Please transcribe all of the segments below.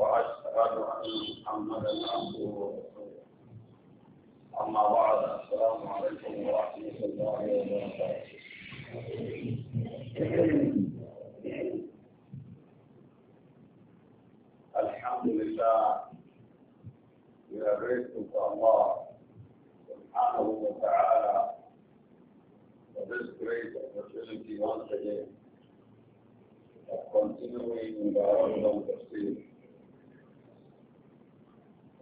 وأشهد أن محمدا عبده ورسوله أما بعد السلام عليكم ورحمة الله وبركاته الحمد لله we are grateful to subhanahu wa ta'ala for this great opportunity once again of continuing with our Ramadan Tafsir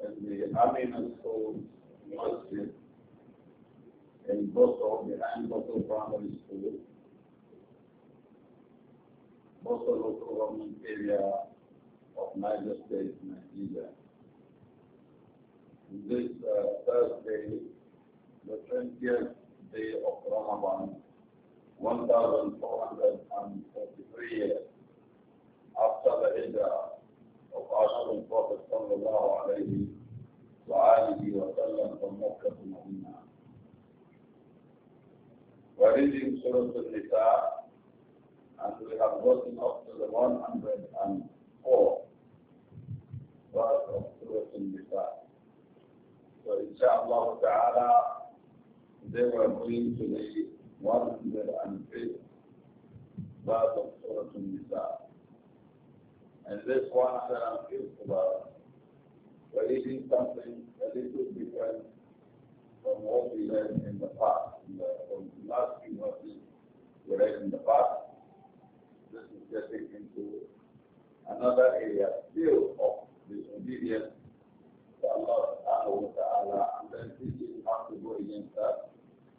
and the Aminus School Masjid in Boston, behind Boston Primary School, Boston local government area of Niger State, Nigeria. This uh, Thursday, the 20th day of Ramadan, 1443 years after the Hijrah, صلى الله عليه وآله وسلم We're reading and we have gotten up to the 104 verse of Surah al So inshallah ta'ala they were going to the 105th verse of Surah al and this one that I'm used about, we something a little different from what we learned in the past, in the, from the last few verses we read in the past. This is getting into another area still of disobedience to Allah subhanahu wa ta'ala, and then teaching how to go against that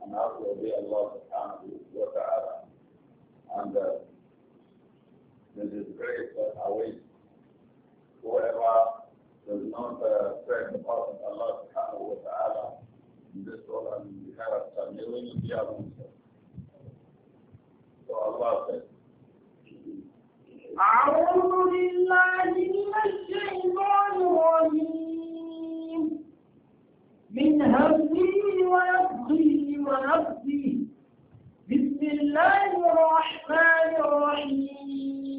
and how to obey Allah subhanahu wa ta'ala. And uh, the disgrace that awaits whoever does not uh, pray the path of Allah subhanahu wa ta'ala in this world and the hereafter. May we not be among them. So Allah said, أعوذ بالله من الشيطان الرجيم من همه ونفخه ونفخه بسم الله الرحمن الرحيم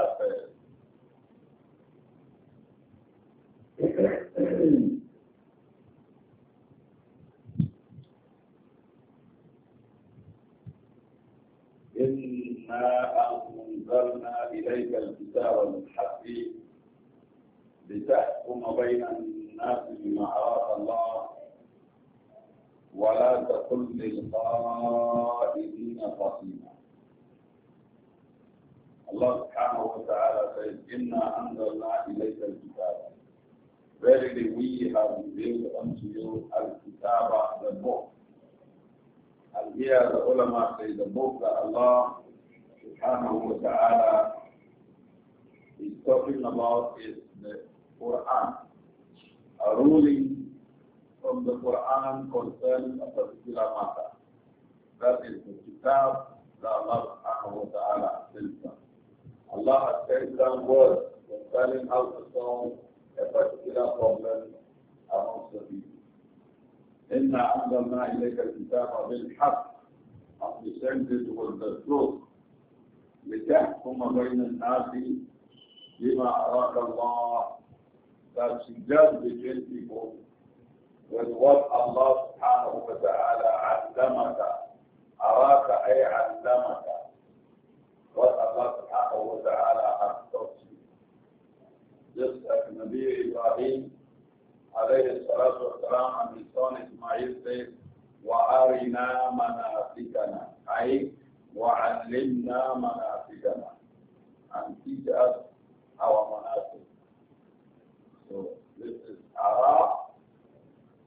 إنا أنزلنا إليك الكتاب بالحق لتحكم بين الناس بما أراد الله ولا تقل للقائدين خصيما الله سبحانه وتعالى says إنا أنزلنا إليك الكتاب Verily we have revealed unto you Al-Kitaba, the book. And here the ulama say the book that Allah subhanahu wa ta'ala is talking about is the Quran. A ruling from the Quran concerning a particular matter. That is the kitab that Allah subhanahu wa ta'ala sent Allah has sent down words concerning how to solve a particular problem amongst the people. إِنَّا أَنْزَلْنَا إِلَيْكَ الْكِتَابَ بِالْحَقِّ And we sent it with the truth. لِتَحْكُمَ بَيْنَ النَّاسِ بِمَا أَرَاكَ اللَّهِ That she judge between people with what Allah subhanahu wa ta'ala عَلَّمَكَ أَرَاكَ أَيْ عَلَّمَكَ What Allah subhanahu wa ta'ala just like Nabi Ibrahim alayhi salatu wasalam and his son Ismail said, وَأَرِنَا مَنَاسِكَنَا أي وَعَلِّمْنَا مَنَاسِكَنَا and teach us our manasik. So this is Ara.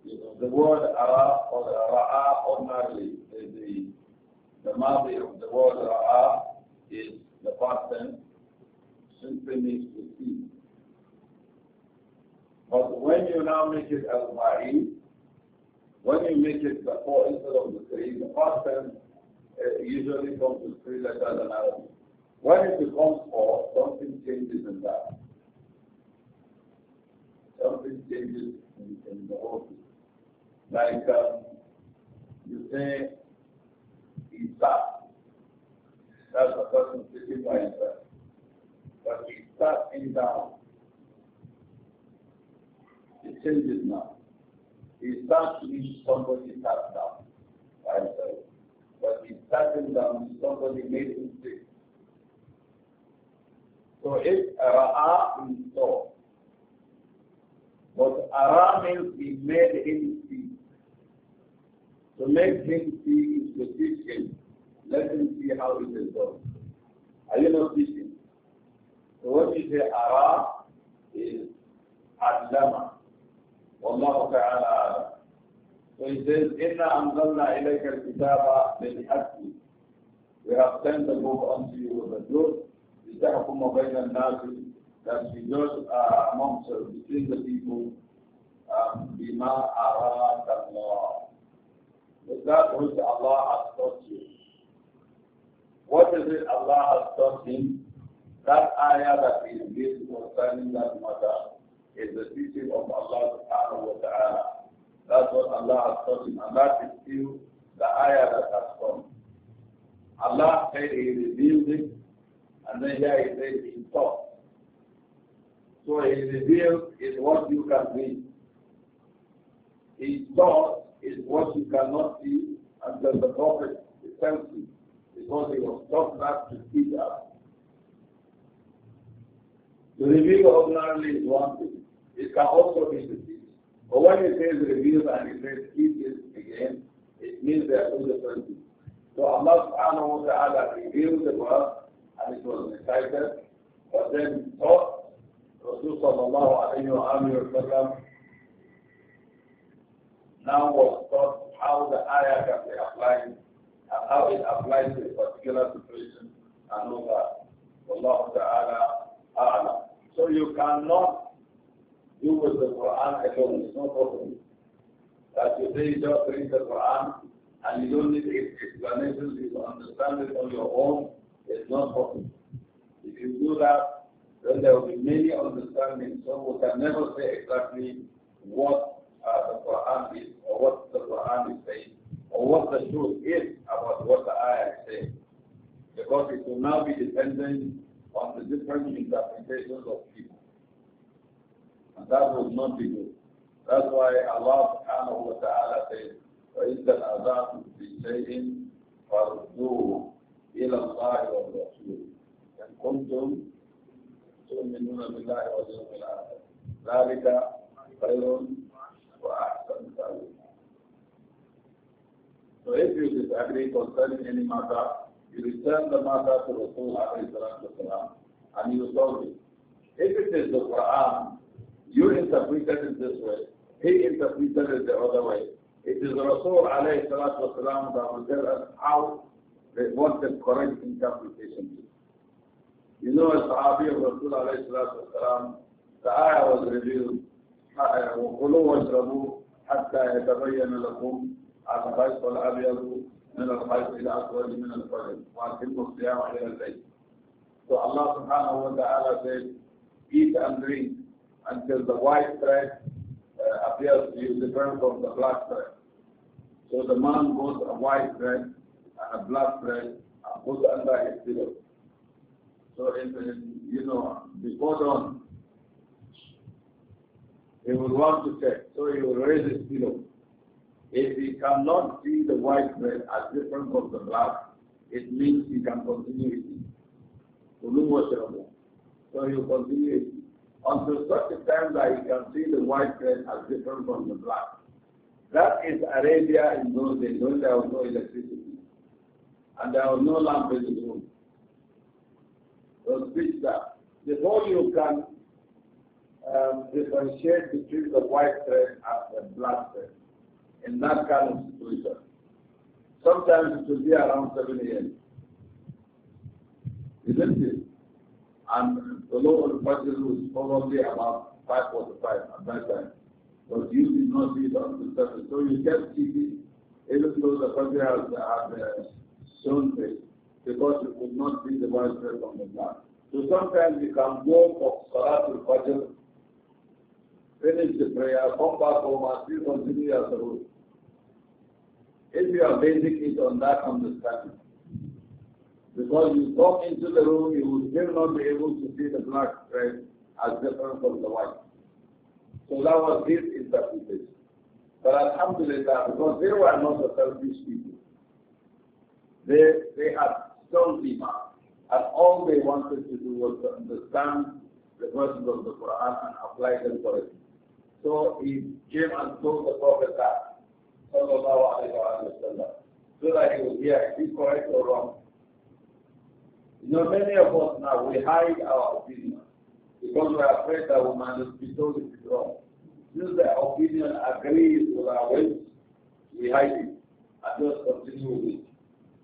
You know, the word Ara or Ra'a ordinarily is the, the mother of the word Ra'a is the past tense simply means to see. But when you now make it al-ma'id, when you make it the four instead of the three, the first term uh, usually comes with three letters and Arabic. When it becomes four, something changes in that. Something changes in, in the whole thing. Like um, you say, Isa. That's not person in by himself. But he sat in down. He changes now. He starts with somebody sat down by himself. But he sat him down, somebody made him sick. So if Ra'a means saw. But Ara means he made him see. To make him see is to teach him. Let him see how it is done. Are you not teaching? So what you say Ara is Adlama. والله تعالى أعلم ويقول إنا أنزلنا إليك الكتاب بالحق We have sent the book unto لتحكم بين الناس that we judge uh, amongst uh, between the people um, بما أراك الله with that which Allah has taught you. What is it Allah has taught him? That ayah that we read concerning that matter. Allah has taught him, and that is still the ayah that has come. Allah said he revealed it, and then here he said he taught. So he revealed is what you can read. He taught is what you cannot see until the prophet tells you, because he was taught not to see that. To reveal ordinarily is one thing. It can also be the but when it says "reveal" and it says keep this again, it means they are two different things. So Allah subhanahu wa ta'ala revealed the verse and it was recited, but then taught Rasul sallallahu alayhi wa alayhi sallam now was taught how the ayah can be applied and how it applies to a particular situation and all that. Allah ta'ala a'lam. So you cannot you with the Quran alone. It's not problem. That you say you just read the Quran and you don't need explanations, you understand it on your own, it's not problem. If you do that, then there will be many understandings. So we can never say exactly what uh, the Quran is or what the Quran is saying or what the truth is about what the ayah is saying. Because it will now be dependent on the different interpretations of people. And that would not be good. That's why Allah subhanahu wa ta'ala says, وَإِذَا الْأَذَاكُمْ فِي شَيْءٍ فَرْدُوهُ إِلَى اللَّهِ وَالرَّسُولِ إِنْ كُنْتُمْ تُؤْمِنُونَ بِاللَّهِ وَالْيَوْمِ الْآخِرِ ذَلِكَ خَيْرٌ وَأَحْسَنُ تَأْوِيلًا So if you disagree concerning any matter, you return the matter to Rasul alayhi salatu and you solve it. If it is the Quran, you interpreted it this way. He interpreted it the other way. It is Rasul alayhi salatu wasalam that will tell us how they want the correct interpretation You know, as Sahabi of Rasul alayhi salatu wasalam, the ayah was revealed, وَقُلُوا وَاشْرَبُوا حَتَّى يَتَبَيَّنَ لَكُمْ الْخَيْطُ الْأَبْيَضُ من الخيط الأسود من الفجر وأتموا الصيام إلى الليل. So Allah subhanahu wa ta'ala said, eat and drink until the white thread uh, appears to be different from the black thread. So the man goes a white thread and a black thread and under his pillow. So if, you know, before dawn, he will want to check. So he will raise his pillow. If he cannot see the white thread as different from the black, it means he can continue eating. So he will continue eating until such a time that you can see the white thread as different from the black. That is Arabia in those days when there was no electricity and there was no lamp in the room. So switch that. Before you can um, differentiate between the white thread and the black thread in that kind of situation, sometimes it will be around 7 a.m. Isn't it? And the law of the practice was probably about 545 at that time. But you did not see that on the surface. So you kept cheating, even though the country has, had uh, shown this, because you could not see the white dress on the ground. So sometimes you can go for Salatul Fajr, finish the prayer, come back home and still continue as a rule. If you are basing it on that understanding, because you walk into the room, you will still not be able to see the black thread as different from the white. So that was his interpretation. But Alhamdulillah, because they were not the selfish people, they, they had strong demand, And all they wanted to do was to understand the verses of the Quran and apply them it. So he came and told the Prophet that, sallallahu alayhi wa sallam, so that he would hear, is correct or wrong? You know, many of us now, we hide our opinion because we are afraid that we might be told it is wrong. Since the opinion agrees with our ways, we hide it and just continue with it.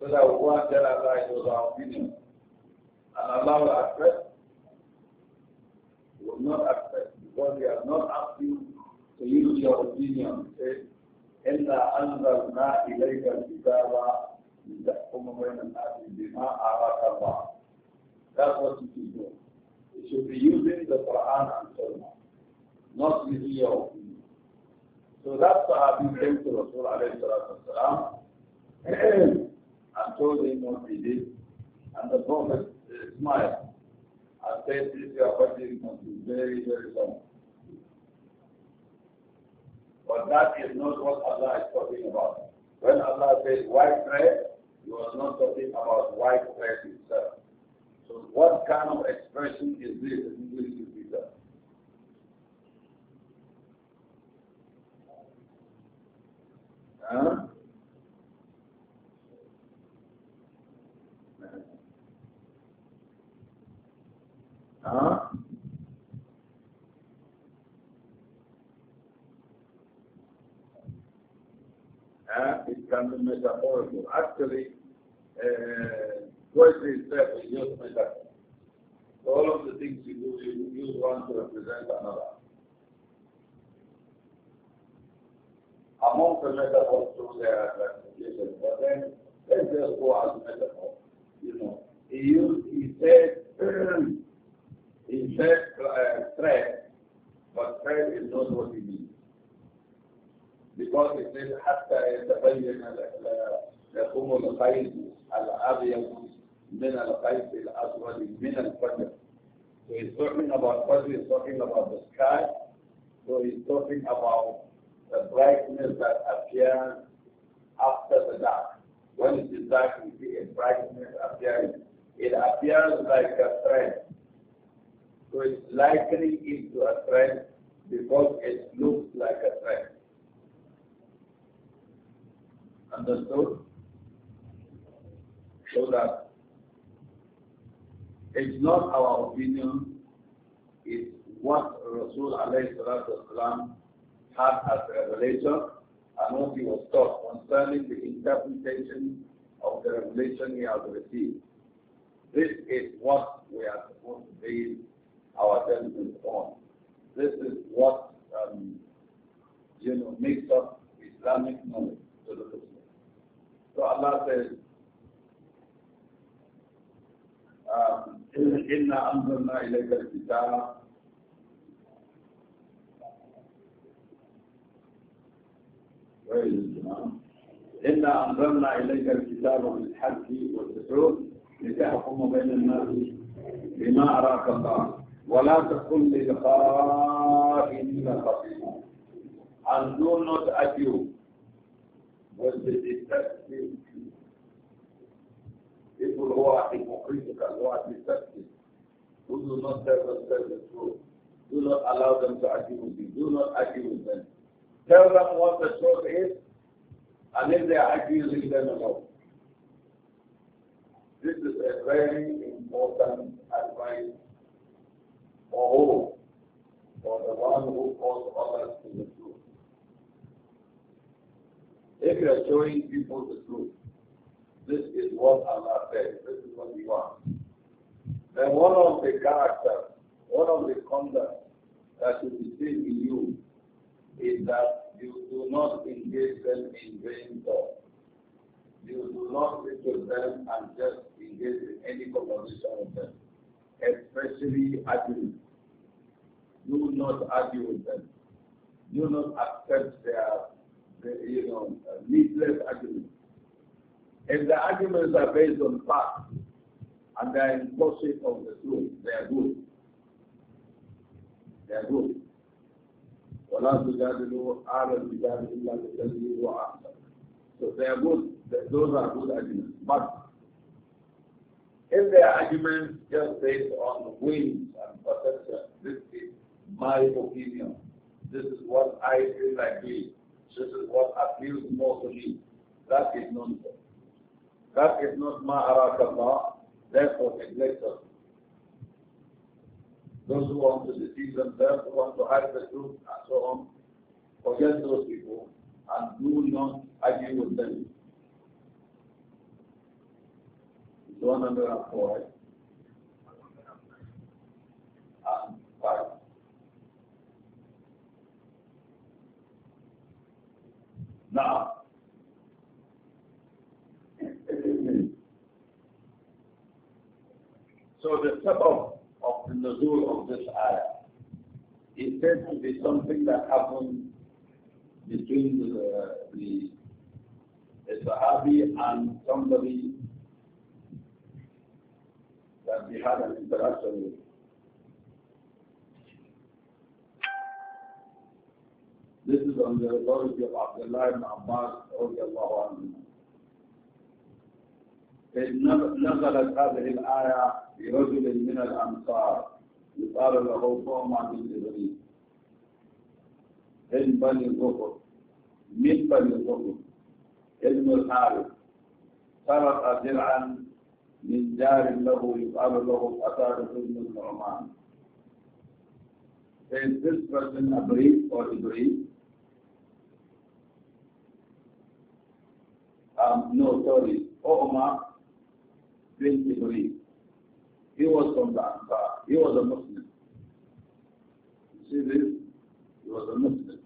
So that we will to tell Allah our opinion. And our will we will not accept, because we are not asking to use your opinion. Say, إِنَّا أَنْزَلْنَا إِلَيْكَ الْكِتَابَ يحكم بين الناس بما أراك الله. That's what you should do. You should be using the Quran and Sunnah, not with your opinion. So that's why I've been came to Rasul alayhi salatu wasalam and told him what he did. And the Prophet uh, smiled and said, this your question must be very, very long. But that is not what Allah is talking about. When Allah says, white bread, he was not talking about white dress itself. So what kind of expression is this in English to be done? Huh? Huh? uh, it can be metaphorical. Actually, uh, poetry itself is just metaphor. So all of the things you do, you use one to represent another. Among the metaphors, too, there are classifications, but then let's just go as metaphor. You know, he used, he said, he said uh, thread, but thread is not what he means because it says حتى يتبين لكم الخيط الأبيض من الخيط الأسود من الفجر. So he's talking about Fajr, he's talking about the sky. So he's talking about the brightness that appears after the dark. When it is dark, we see a brightness appearing. It appears like a thread. So it's likening it to a thread because it looks like a thread. Understood? So that it's not our opinion, it's what Rasul والسلام, had as revelation and what he was taught concerning the interpretation of the revelation he has received. This is what we are supposed to base our judgment on. This is what um, you know makes up Islamic knowledge. So Allah says, إنا أنزلنا إليك الكتاب إنا أنزلنا إليك الكتاب بالحق والحدود لتحكم بين الناس بما أراك الله ولا تكن للخائنين خصيما and do not argue ولتستسلم people who are hypocritical, who are deceptive, who do not tell themselves the truth, do not allow them to argue with you, do not argue with them. Tell them what the truth is, and if they are leave them alone. This is a very important advice for all, For the one who calls others to the truth. If you are showing people the truth, this is what Allah says, this is what we want. Then one of the characters, one of the conduct that should be seen in you is that you do not engage them in vain talk. You do not sit them and just engage in any conversation with them, especially arguing. Do not argue with them. Do not accept their you know, needless arguments. If the arguments are based on facts and they are in pursuit of the truth, they are good. They are good. ولا تجادلوا أهل الجدال إلا بالذي هو أحسن. So they are good. Those are good arguments. But if their arguments just based on whims and perception, this is my opinion. This is what I feel like doing. This is what appeals more to me. That is not That is not ma'arakallah, therefore neglect us. Those who want to deceive themselves, who want to hide the truth, and so on, forget those people and do not argue with them. 104. So the sabab of the nuzul of this ayah is said to be something that happened between the, the, the Sahabi and somebody that we had an interaction with. This is on the authority of Abdullah ibn Abbas radiallahu anhu. نزلت هذه الآية برجل من الأنصار يقال له طعمة بن إبليس ابن بني الظفر من بني الظفر ابن الحارث سرق درعا من جار له يقال له قتادة بن النعمان. إذ this person Abrid or Ibrahim? um, no, sorry, oh, Omar twenty-three. He was from the Ansar. He was a Muslim. You see this? He was a Muslim.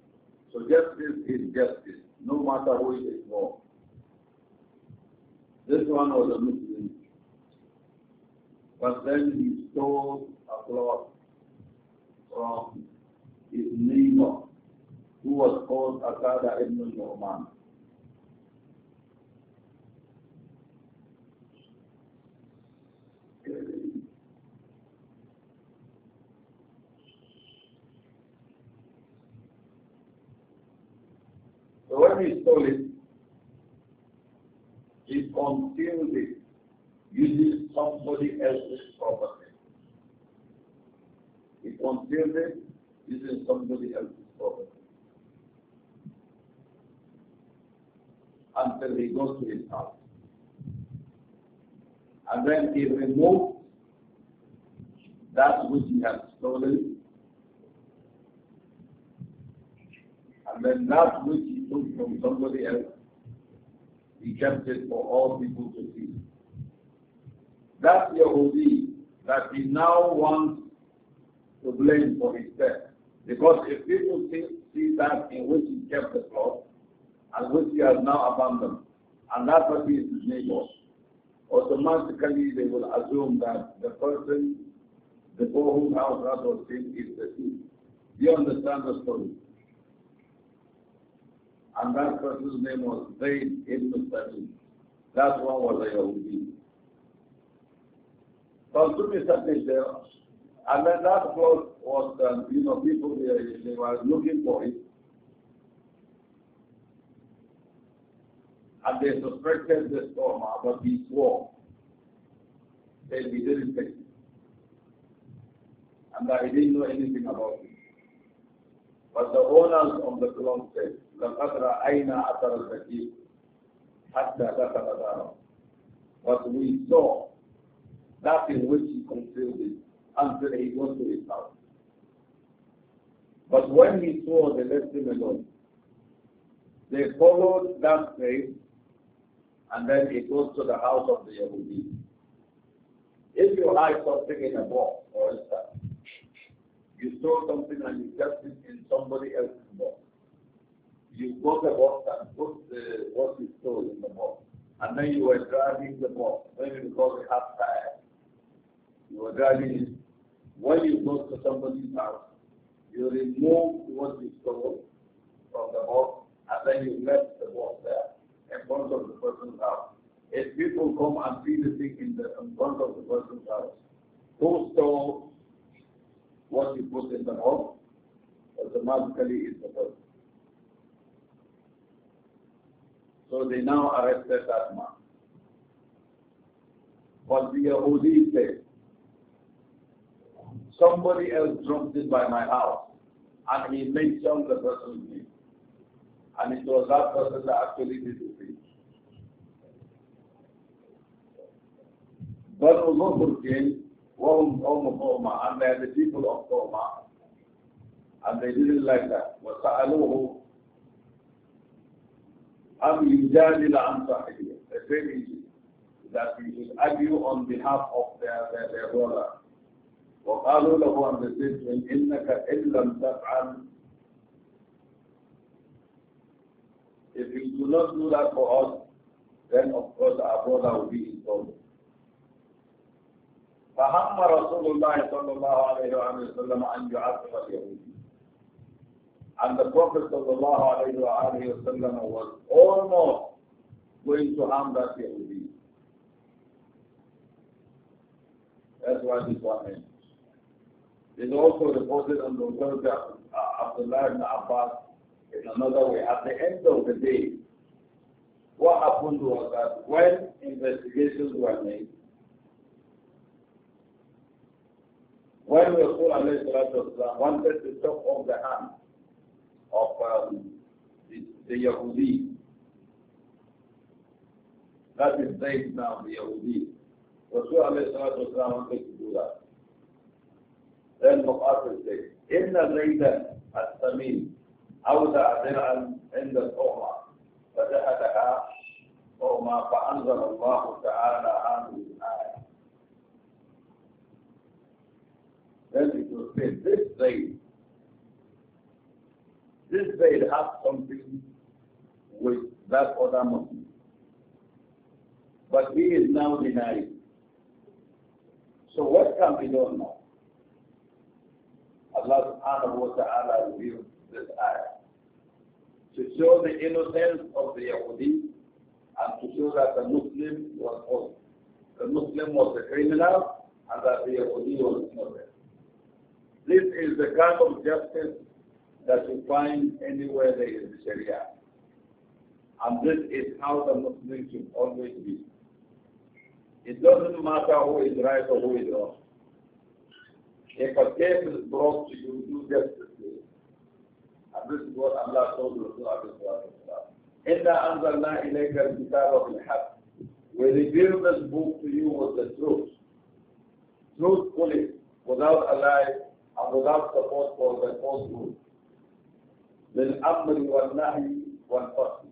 So justice is justice, no matter who it is for. This one was a Muslim. But then he stole a cloth from his neighbor, who was called Akada ibn Nu'man. So when he stole it, he concealed it using somebody else's property. He concealed it using somebody else's property. Until he goes to his house and then he removed that which he had stolen, and then that which he took from somebody else, he kept it for all people to see. That Yahudi that he now wants to blame for his death. Because if people see, see that in which he kept the cloth, and which he has now abandoned, and that person is his neighbor, automatically they will assume that the person before whom Al-Qur'an was seen is the thief. Do you understand the story? And that person's name was Zayd ibn That's That one was a Yahudi. Consuming something there, and then that was, was um, you know, people, they, they were looking for it. And they suspected the storm, uh, but he swore. Said didn't take it. And that he didn't know anything about it. But the owners of the club said, لَقَدْ رَأَيْنَا أَثَرَ الْبَكِيرِ حَتَّى دَخَلَ But we saw that in which he concealed it until he went to his house. But when he saw, they left him alone. They followed that faith and then it goes to the house of the Yahudi. If you hide something in a box, for stuff, you stole something and you kept it in somebody else's box. You broke the box and put the, what you stole in the box. And then you were driving the box, maybe because it had tires. You were driving it. When you go to somebody's house, you remove what you stole from the box and then you left the box there in front of the person's house. If people come and see the thing in, the, in front of the person's house, who stole what you put in the house, Automatically is the person. So they now arrested that man. But the Yahudi said, somebody else dropped it by my house. And he mentioned the person's name. And it was that person that actually did it. بنو مفرقين وهم قوم طوما and they are the people of طوما and they didn't like that وسألوه أن يجادل عن صاحبه the same issue that we should argue on behalf of their, their, their brother وقالوا له and they said to him إنك إن لم تفعل If you do not do that for us, then of course our brother will be in trouble. فهم رسول الله صلى الله عليه وسلم أن يعذب اليهود. And the Prophet sallallahu الله عليه was almost going to harm that Yahudi. That's why this one ends. It's also reported on the words of Abdullah ibn Abbas in another way. At the end of the day, what happened was that when investigations were made, When Rasul والسلام, wanted to chop off the hand of um, the, the Yahudi, that is saying now, the Yahudi, Rasul والسلام, wanted to do that. Then Muqasir said, إن زيدا السمين أودع ذرعا عند الأمة فجحدها أمة فأنزل الله تعالى عنه Then it will say, this day, this day has something with that other motive. But he is now denying. So what can be done now? Allah subhanahu wa ta'ala revealed this ayah to show the innocence of the Yahudi and to show that the Muslim was wrong. The Muslim was the criminal and that the Yahudi was innocent. This is the kind of justice that you find anywhere there is Sharia. And this is how the Muslims should always be. It doesn't matter who is right or who is wrong. If a case is brought to you, do justice. And this is what Allah told Rasulullah. إِنَّا أَنزَلْنَا إِلَيْكَ الْكِتَابَ بِالْحَقِّ We reveal this book to you with the truth. Truthfully, without a lie, and without support for the own rule. للأمر والنهي والفصل.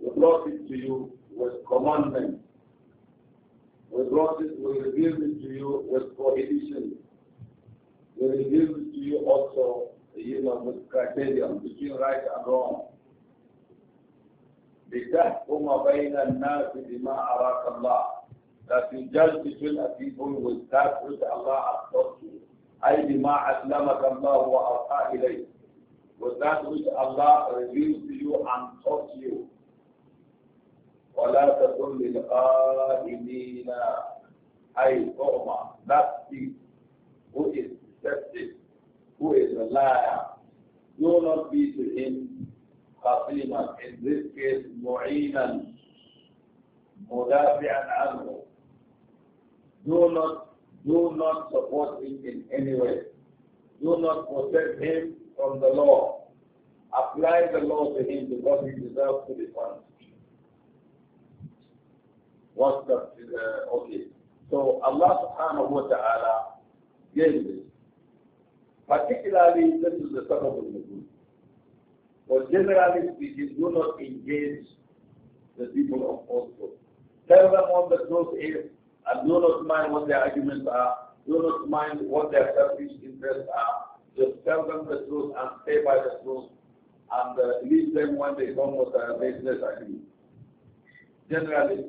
We brought it to you with commandment. We brought it, we revealed it to you with prohibition. We revealed it to you also, you know, with criteria between right and wrong. لتحكم بين الناس بما أراك الله. That you judge between a people with that which Allah has taught you. أي بما أسلمك الله وأعطى إليك was that which Allah revealed to you and taught you. وَلَا تَكُنْ لِلْقَائِمِينَ أي قوما that thief who is deceptive, who is a liar, do not be to him خصيما in this case معينا مدافعا عنه do not do not support him in any way. Do not protect him from the law. Apply the law to him because he deserves to be punished. What's the, uh, okay. So Allah subhanahu wa ta'ala gave this. Particularly, this is the sabab of the good. But generally speaking, do not engage the people of falsehood. Tell them on the truth is and do not mind what their arguments are, do not mind what their selfish interests are. Just tell them the truth and stay by the truth and uh, leave them when they come with a baseless argument. Generally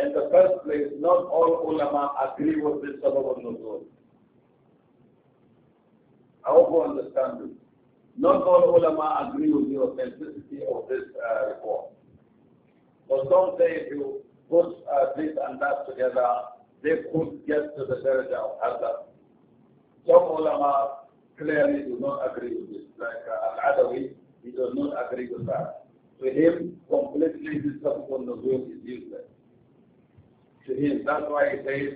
In the first place, not all ulama agree with this sabab al I hope you understand this. Not all ulama agree with the authenticity of this uh, report. But some say if you put uh, this and that together, they could get to the daraja of hazard. Some ulama clearly do not agree with this. Like uh, Al-Adawi, he does not agree with that. To him, completely this the nuzul is useless. To him, that's why he says,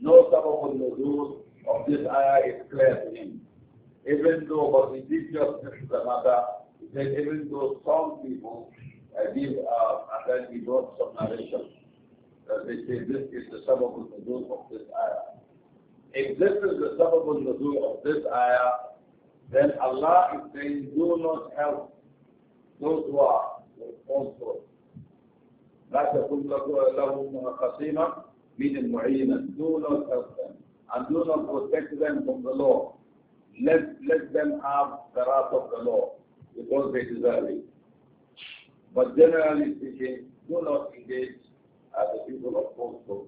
no the nuzul of this ayah is clear to him. Even though, but he did just mention the matter, he said, even though some people uh, give uh, and then he brought some narration uh, they say this is the sababul nuzul of this ayah. If this is the sababul nuzul of this ayah, then Allah is saying, do not help those who are responsible. لا تكن لهم kasima من معينا do not help them and do not protect them from the law let, let them have the wrath of the law because they deserve it but generally speaking do not engage as the people of Moscow.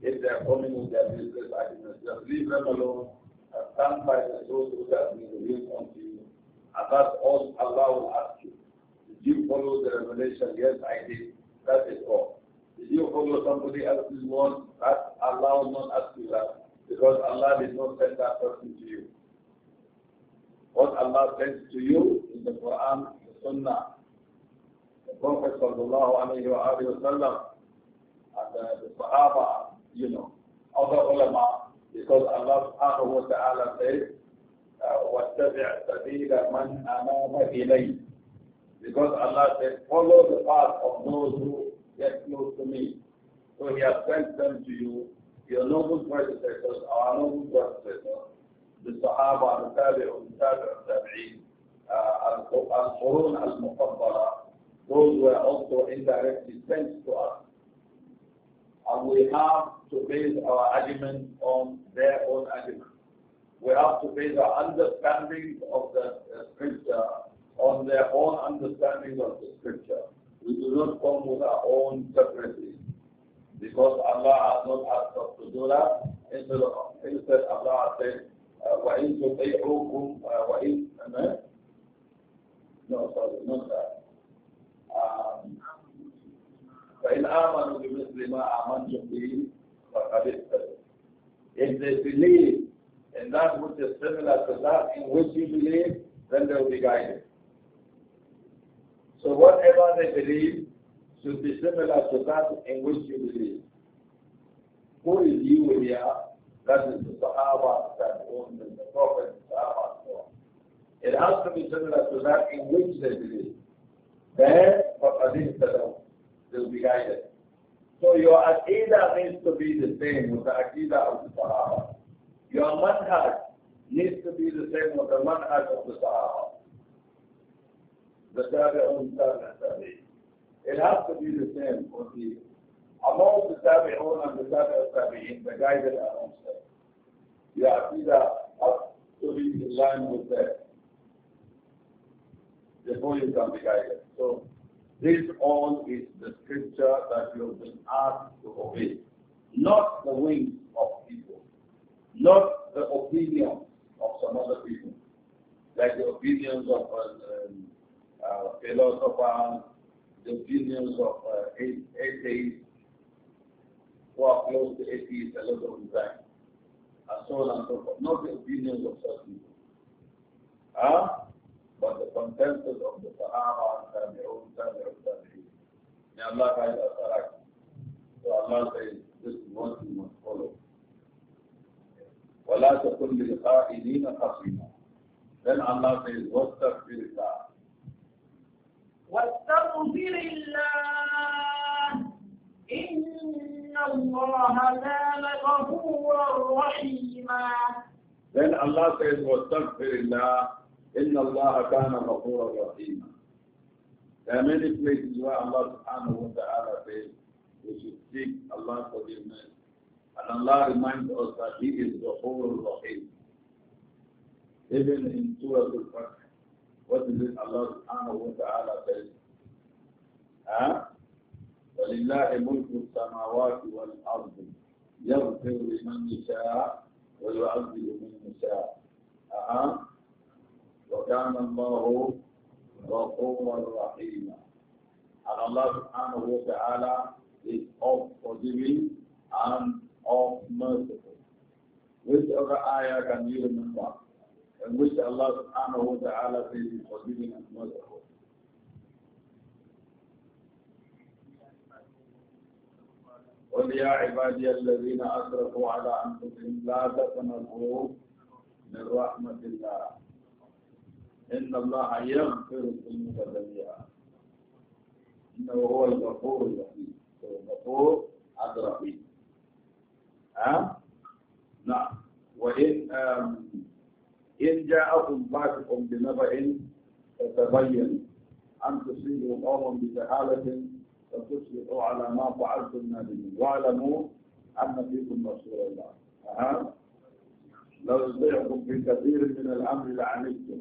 If they are coming with their business arguments, just leave them alone and stand by the source who has been revealed unto you. And that's all Allah will ask you. Did you follow the revelation? Yes, I did. That is all. Did you follow somebody else's word? That Allah will not ask you that because Allah did not send that person to you. What Allah sends to you is the Quran, the Sunnah, the Prophet sallallahu alayhi wa sallam and uh, the Sahaba, you know, other ulama, because Allah subhanahu wa ta'ala says, uh, وَاتَّبِعْ سَبِيلَ مَنْ أَنَابَ Because Allah said, follow the path of those who get close to me. So He has sent them to you, your noble predecessors, our noble predecessors, the Sahaba, the Tabi'un, the Tabi'un, Tabi'in, uh, Al-Qurun al-Mufaddala, those were also indirectly sent to us we have to base our argument on their own argument. We have to base our understanding of the uh, scripture on their own understanding of the scripture. We do not come with our own separately. Because Allah has not asked us to do that. Instead, instead Allah has said, وَإِن تُطِيعُوكُمْ وَإِن... No, sorry, not that. Uh, فإن آمنوا بمثل ما آمنتم به فقد If they believe in that which is similar to that in which you believe, then they will be guided. So whatever they believe should be similar to that in which you believe. Who is you here? That is the Sahaba that own the Prophet, Sahaba, It has to be similar to that in which they believe. There but I did Will be guided. So your aqidah needs to be the same with the aqidah of the Sahaba. Your manhaj needs to be the same with the manhaj of the Sahaba. The Tabi'un, Tabi'un, It has to be the same for the, among the Tabi'un and the Tabi'un, Tabi'un, the guided amongst them. Your aqidah has to be in line with that. before you can be guided. So, this all is the scripture that you have been asked to obey. Not the wings of people. Not the opinion of some other people. Like the opinions of a um, uh, philosophers, the opinions of uh, atheists, who are close to atheists a lot of the time, and so on and so forth. Not the opinions of such people. Huh? But the consensus of the Sahaba and own Tabi'un, of Tabi'un, may Allah guide us right. So Allah says, this is what you must follow. وَلَا تَكُنْ لِلْخَائِنِينَ خَصِيمًا Then Allah says, وَاسْتَغْفِرِ اللَّهِ وَاسْتَغْفِرِ اللَّهِ إِنَّ اللَّهَ لَا غَفُورًا رَحِيمًا Then Allah says, وَاسْتَغْفِرِ اللَّهِ إن الله كان غفورا رحيما There are many places where Allah subhanahu wa ta'ala says we should seek Allah's forgiveness. And Allah reminds us that He is Ghafur Rahim. Even in Surah Al-Fatih, what is it Allah subhanahu wa ta'ala says? Huh? ولله ملك السماوات والأرض يغفر لمن يشاء ويعذب من يشاء. أه? وكان الله غفورا رحيما and Allah subhanahu wa ta'ala is of forgiving and of merciful. Which other ayah can you remember in which Allah subhanahu wa ta'ala says is forgiving and merciful? قل يا عبادي الذين أسرفوا على أنفسهم لا تقنطوا من رحمة الله إن الله يغفر الذنوب جميعا إنه هو الغفور الرحيم الغفور الرحيم ها نعم وإن إن جاءكم باسق بنبأ فتبينوا أن تصيبوا قوما بجهالة فتصبحوا على ما فعلتم به واعلموا أن فيكم رسول الله ها لو يطيعكم في كثير من الأمر لعنتم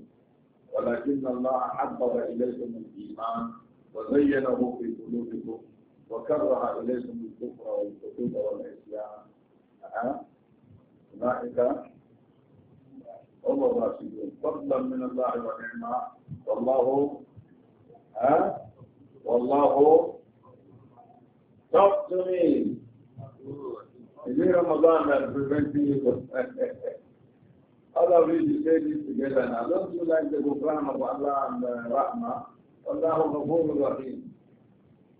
ولكن الله حبب إليكم الإيمان وزينه في قلوبكم وكره إليكم الكفر والفسوق والعصيان أولئك هم الراشدون فضلا من الله ونعمة والله ها أه؟ والله talk to me. Is it Ramadan that prevents you? Allah will say this together now. Don't you like the Quran of Allah and the Rahmah? Allahu Ghafur Rahim.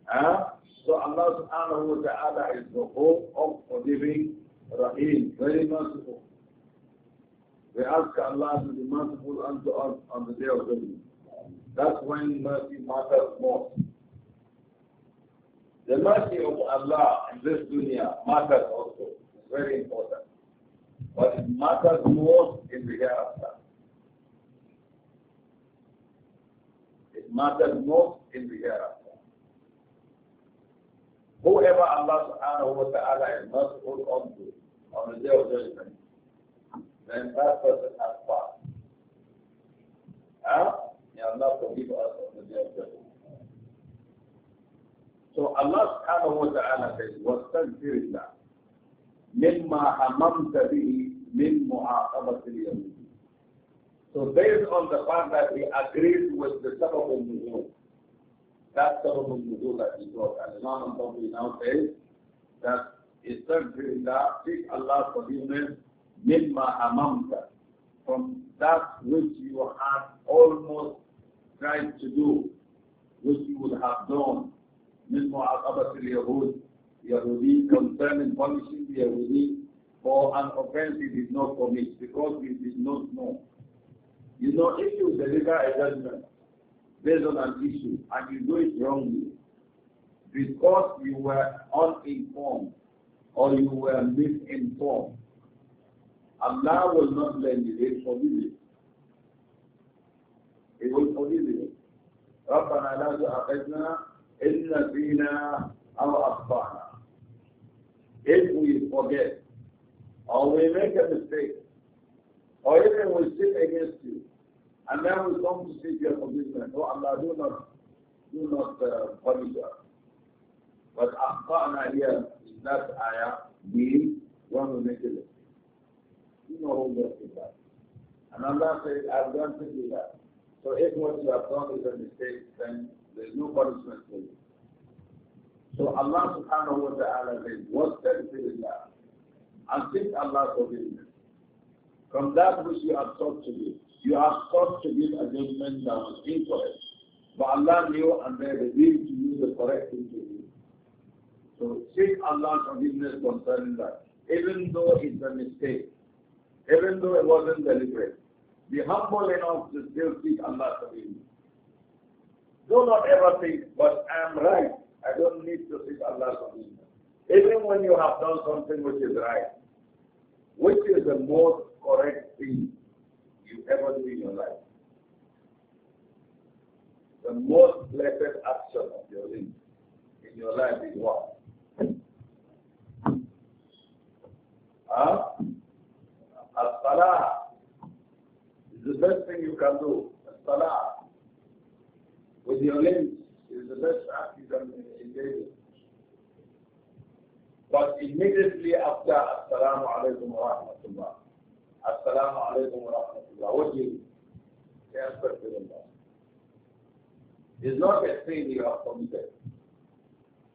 Huh? So Allah subhanahu wa ta'ala is the whole of forgiving Rahim, very merciful. We ask Allah to be merciful unto us on the day of judgment. That's when mercy matters most. The mercy of Allah in this dunya matters also. It's very important it matters most in the hereafter. It matters most in the hereafter. Whoever Allah subhanahu wa ta'ala is not put on to on the day of judgment, then that person has passed. Huh? May Allah forgive us on the day of judgment. So Allah subhanahu wa ta'ala says, وَاسْتَغْفِرِ that. مما هممت به من معاقبة اليهود. So based on the fact that we agreed with the Sabbath al that Sabbath al that he brought, and Imam al-Tabri now says that to Istaghfirullah, seek Allah's forgiveness, mimma amamta, from that which you have almost tried to do, which you would have done, min mu'aqabat al-Yahud, Yahudi concerning punishing the Yahudi for an offense he did not commit because he did not know. You know, if you deliver a judgment based on an issue and you do it wrongly because you were uninformed or you were misinformed, Allah will not lend you, He will forgive you. He will forgive you. ربنا لا تؤاخذنا إن نسينا أو أخطأنا if we forget, or we make a mistake, or even we sin against you, and then we come to seek your forgiveness. Oh Allah, do not, do not uh, punish us. But Akhtana here is that ayah, we want to make a mistake. You know who that. And Allah says, I've done things do that. So if what you have done is a mistake, then there's no punishment for you. So Allah subhanahu wa ta'ala says, وَاسْتَغْفِرِلَّهِ And seek Allah forgiveness. From that which you have taught to give, you have taught to give a judgment that was incorrect. But Allah knew and they revealed to you the correct thing to do. So seek Allah's forgiveness concerning that, even though it's a mistake, even though it wasn't deliberate. Be humble enough to still seek Allah's forgiveness. Do not ever think, but I am right. I don't need to seek Allah's forgiveness. Even when you have done something which is right, which is the most correct thing you ever do in your life? The most blessed action of your life in your life is what? Huh? As-salah is the best thing you can do. As-salah with your limbs is the best act you can do very But immediately after Assalamu alaikum wa rahmatullah, Assalamu alaikum wa rahmatullah, what do you say? Astaghfirullah. It's not a sin you have committed.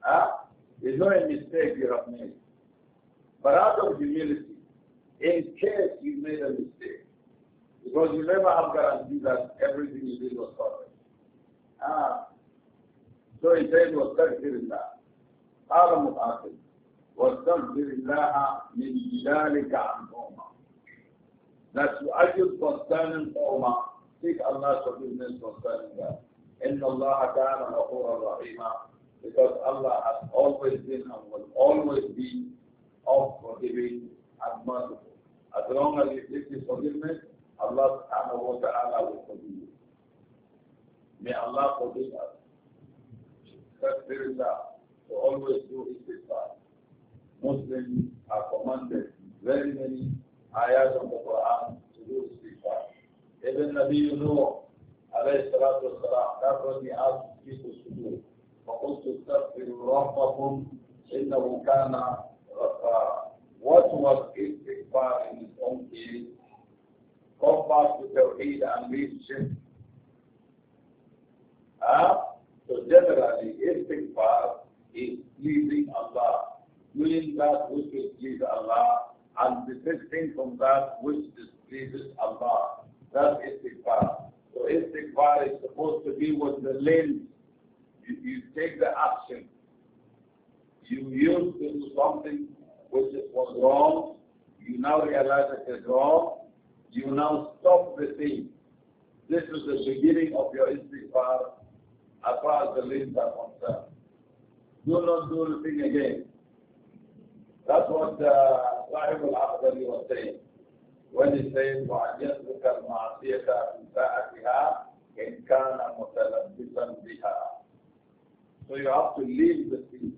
Huh? It's not a mistake you have made. But out of humility, in case you made a mistake, because you never have guaranteed that everything you did was perfect. Ah, so he said, وَاسْتَغْفِرِ اللَّهِ قال مقاتل وَاسْتَغْفِرِ اللَّهَ مِنْ جِدَالِكَ عَنْ قَوْمَ That you argue concerning قَوْمَ Seek Allah's forgiveness concerning that. إِنَّ اللَّهَ كَانَ غَفُورًا رَحِيمًا Because Allah has always been and will always be of forgiving and merciful. As long as you seek His forgiveness, Allah subhanahu wa ta'ala will forgive you. May Allah forgive us loud. So always do far. Muslims are commanded very many ayahs of the Quran to do this far. Even Nabi Nuh, alayhi salatu wasalam, that was he asked people to do. فَقُلْتُ اسْتَغْفِرُوا رَبَّكُمْ إِنَّهُ كَانَ غَفَّارًا What was istighfar in his own case? Compass to Tawheed and read shirk is pleasing Allah, doing that which is please Allah, and desisting from that which displeases Allah. That's istighfar. So istighfar is supposed to be with the lens. You, you take the action. You used to do something which was wrong. You now realize it is wrong. You now stop the thing. This is the beginning of your istighfar as far as the limbs are concerned do not do the thing again. That's what the Rahim al-Akhdari was saying. When he says, وَعَجَزْتُكَ الْمَعْصِيَةَ فِي سَاعَتِهَا إِنْ كَانَ مُتَلَبِّسًا بِهَا So you have to leave the sin.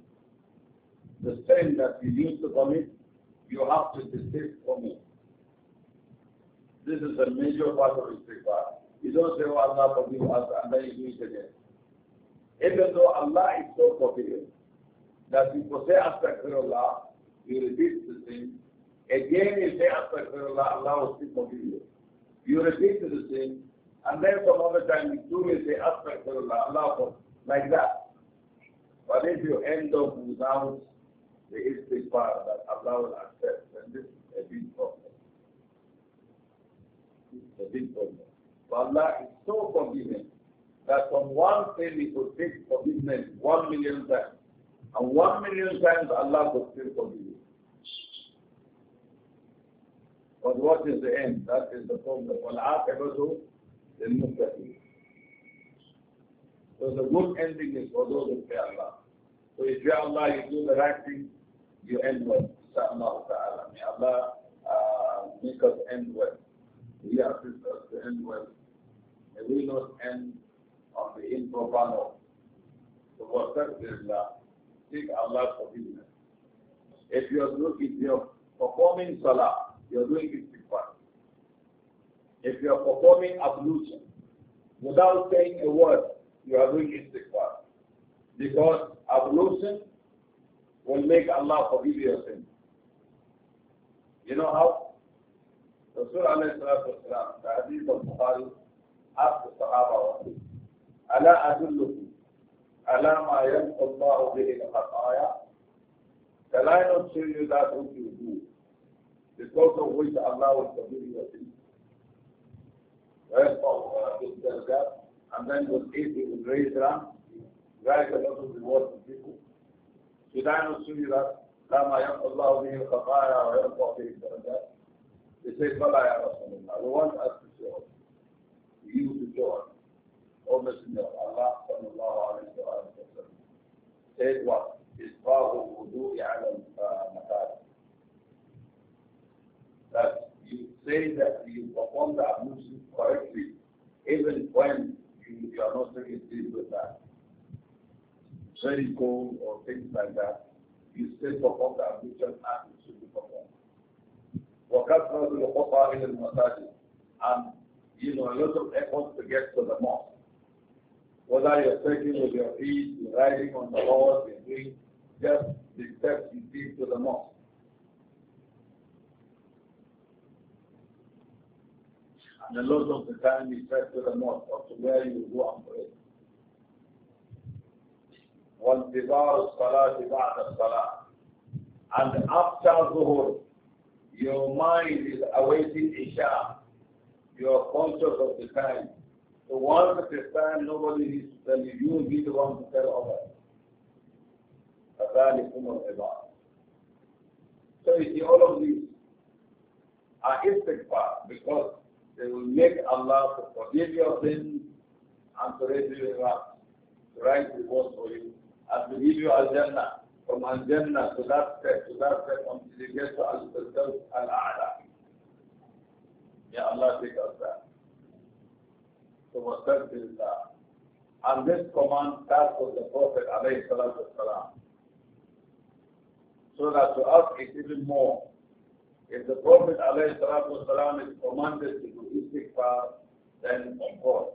The sin that you used to commit, you have to desist from it. This is a major part of istighfar. You don't say, oh, Allah forgive us, and then you do it again. Even though Allah is so forgiving that if you say astaghfirullah, you repeat the sin. Again you say astaghfirullah, Allah will still forgive you. You repeat the sin, and then some other time you do you say astaghfirullah, Allah will like that. But if you end up without the istighfar that Allah will accept, then this is a big problem. This is a big problem. But Allah is so forgiving that from one thing he could take forgiveness one million times. And one million times Allah could still forgive you. But what is the end? That is the problem. وَالْعَاقِبَةُ لِلْمُتَّقِينَ So the good ending is for those who fear Allah. So if you Allah, you do the right thing, you end well. Inshallah ta'ala. May Allah uh, make us end well. We are us to end well. May we not end on the the note. So wastaqfirullah, uh, seek Allah's forgiveness. If you're, if you're performing salah, you're doing istighfar. If you're performing ablution, without saying a word, you are doing istighfar. Because ablution will make Allah forgive your sins. You know how? Rasul Al salatu wasalam, the hadith of Bukhari, asked the Sahaba ألا أدلكم على ما ينفع الله به الخطايا Shall I you that which you do, because of which Allah will forgive your sins? First of uh, and then with it he will raise them, rise a lot of reward to people. Should I not show you that? لا ما ينفع الله به الخطايا وينفع به الدرجات. They say, بلى يا رسول الله, we want us to show you to show us. O Messenger of Allah sallallahu alayhi wa sallam, said That you say that you perform the ablution correctly, even when you, you are not taking deal with that. Very cold or things like that, you still perform the ablution as it should be performed. وكثرة الخطى إلى and you know, a lot of efforts to get to the mosque. Whether you're taking with your feet, you're riding on the horse, you're doing just the steps you take to the mosque. And a lot of the time you trek to the mosque or to where you go and pray. وانتظار الصلاة بعد الصلاة and after Zuhur, your mind is awaiting Isha. You are conscious of the time. The once at a time, nobody is to tell you, you will be the one to tell others. ذلكم العباد. So you see, all of these are istighfar because they will make Allah to forgive your sins and to raise you up, to write rewards for you, and to give you Al-Jannah, from Al-Jannah to that step, to that step, until you get to Al-Firdaus Al-A'la. May Allah take us there that, And this command starts with the Prophet alayhi So that to us it's even more. If the Prophet alayhi is commanded to do istighfar, then of course,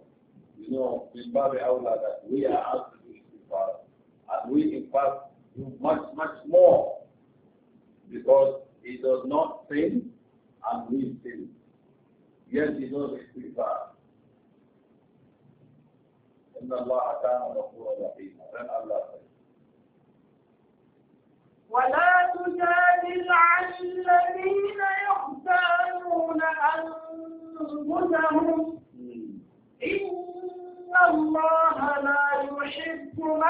you know, in Babi Awla that we are asked to do istighfar. And we in fact do much, much more. Because he does not sin and we sin. Yes, he does istighfar. إن الله كان غفورا رحيما لن الله ولا تجادل عن الذين يختارون أنفسهم إن الله لا يحب من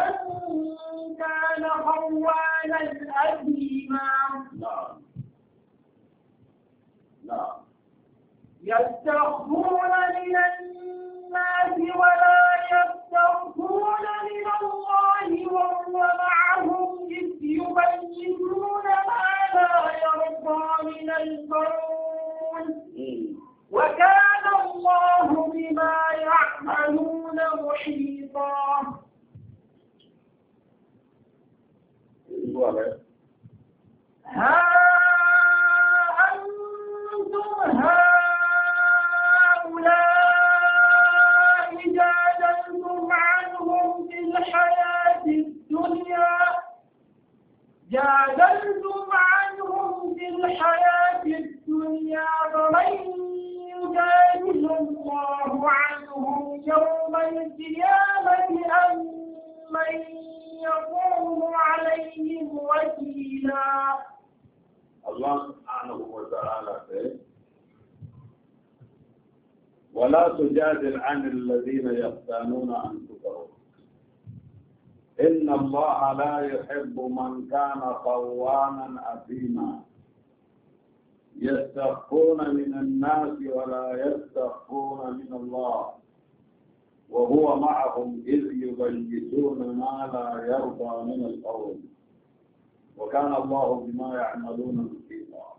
كان خوانا أثيما نعم نعم يستخفون من الناس الناس ولا يستغفرون من الله وهو معهم إذ يبيتون ما لا يرضى من القول وكان الله بما يعملون محيطا ها جادلتم عنهم في الحياة الدنيا فمن يجادل الله عنهم يوم القيامة أم من يكون عليهم وكيلا الله سبحانه وتعالى ولا تجادل عن الذين يختانون أنفسهم إن الله لا يحب من كان قواما أثيما يستخفون من الناس ولا يستخفون من الله وهو معهم إذ يبيتون ما لا يرضى من القول وكان الله بما يعملون محيطا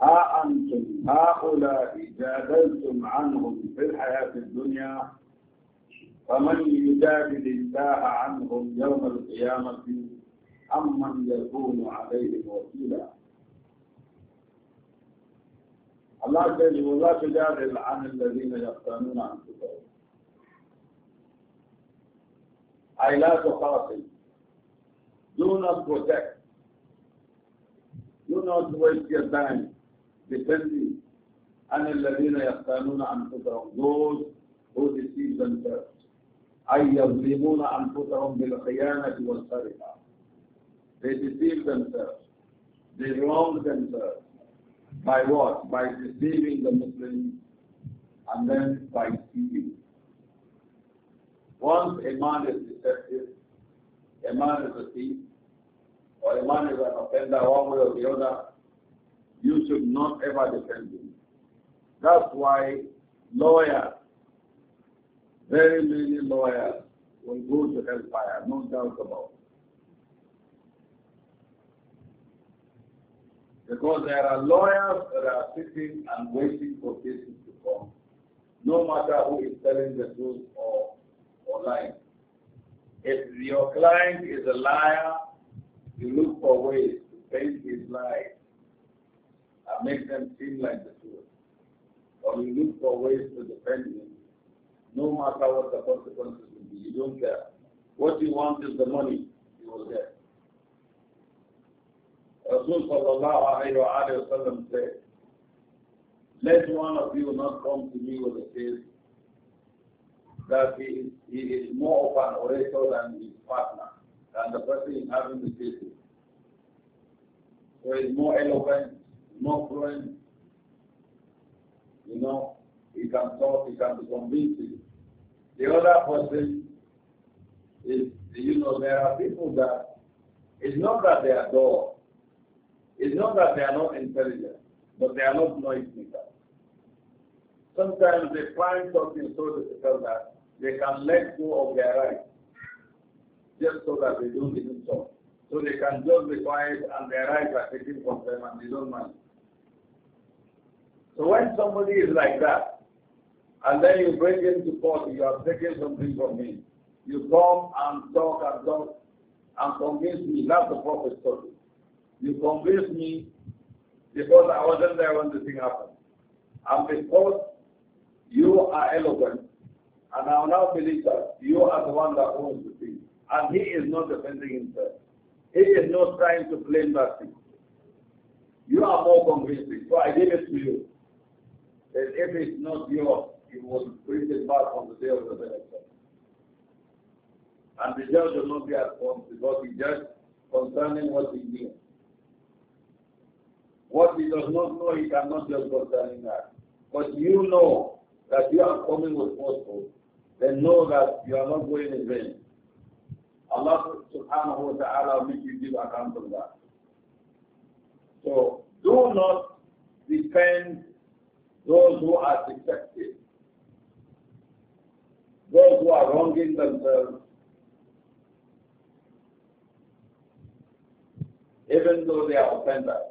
ها أنتم هؤلاء جادلتم عنهم في الحياة الدنيا فمن يجادل الله عنهم يوم القيامة عمن يكون عليهم وكيلا الله جل وعلا تجادل عن الذين يختانون كتابه أي لا تخاطب Do not protect. Do not waste your time defending عن الذين يختانون أنفسهم those who deceive themselves. يظلمون أنفسهم بالخيانة والسرقة. They deceive themselves. They wrong themselves. By what? By deceiving the Muslims and then by stealing. Once a man is deceptive, a man is a thief, or a man is an offender one way or the other, you should not ever defend him. That's why lawyers very many lawyers will go to hellfire, no doubt about it. Because there are lawyers that are sitting and waiting for cases to come, no matter who is telling the truth or, or lying. If your client is a liar, you look for ways to paint his lies and make them seem like the truth. Or you look for ways to defend him no matter what the consequences will be, you don't care. What you want is the money, you will get. Rasul sallallahu alayhi wa, wa sallam said, let one of you not come to me with a case that he is, he is more of an orator than his partner, than the person in having the case So he's more eloquent, more fluent, you know, he can talk, he can be convincing. The other person is, you know, there are people that, it's not that they are dull. It's not that they are not intelligent, but they are not noise makers. Sometimes they find something so difficult that they can let go of their rights just so that they don't even talk. So they can just be quiet and their rights are taken from them and they don't mind. So when somebody is like that, and then you bring him to court, you are taking something from me. You come and talk and talk and convince me, that's the prophet's story. You convince me because I wasn't there when the thing happened. And because you are eloquent, and I now believe that you are the one that owns the thing. And he is not defending himself. He is not trying to claim that thing. You are more convincing, so I give it to you. if it's not yours, he was printed back on the day of the event, And the judge will not be at fault because he just concerning what he knew. What he does not know, he cannot judge concerning that. But you know that you are coming with forceful, then know that you are not going in vain. Allah subhanahu wa ta'ala will make you give account of that. So do not defend those who are defective those who are wronging themselves, even though they are offenders.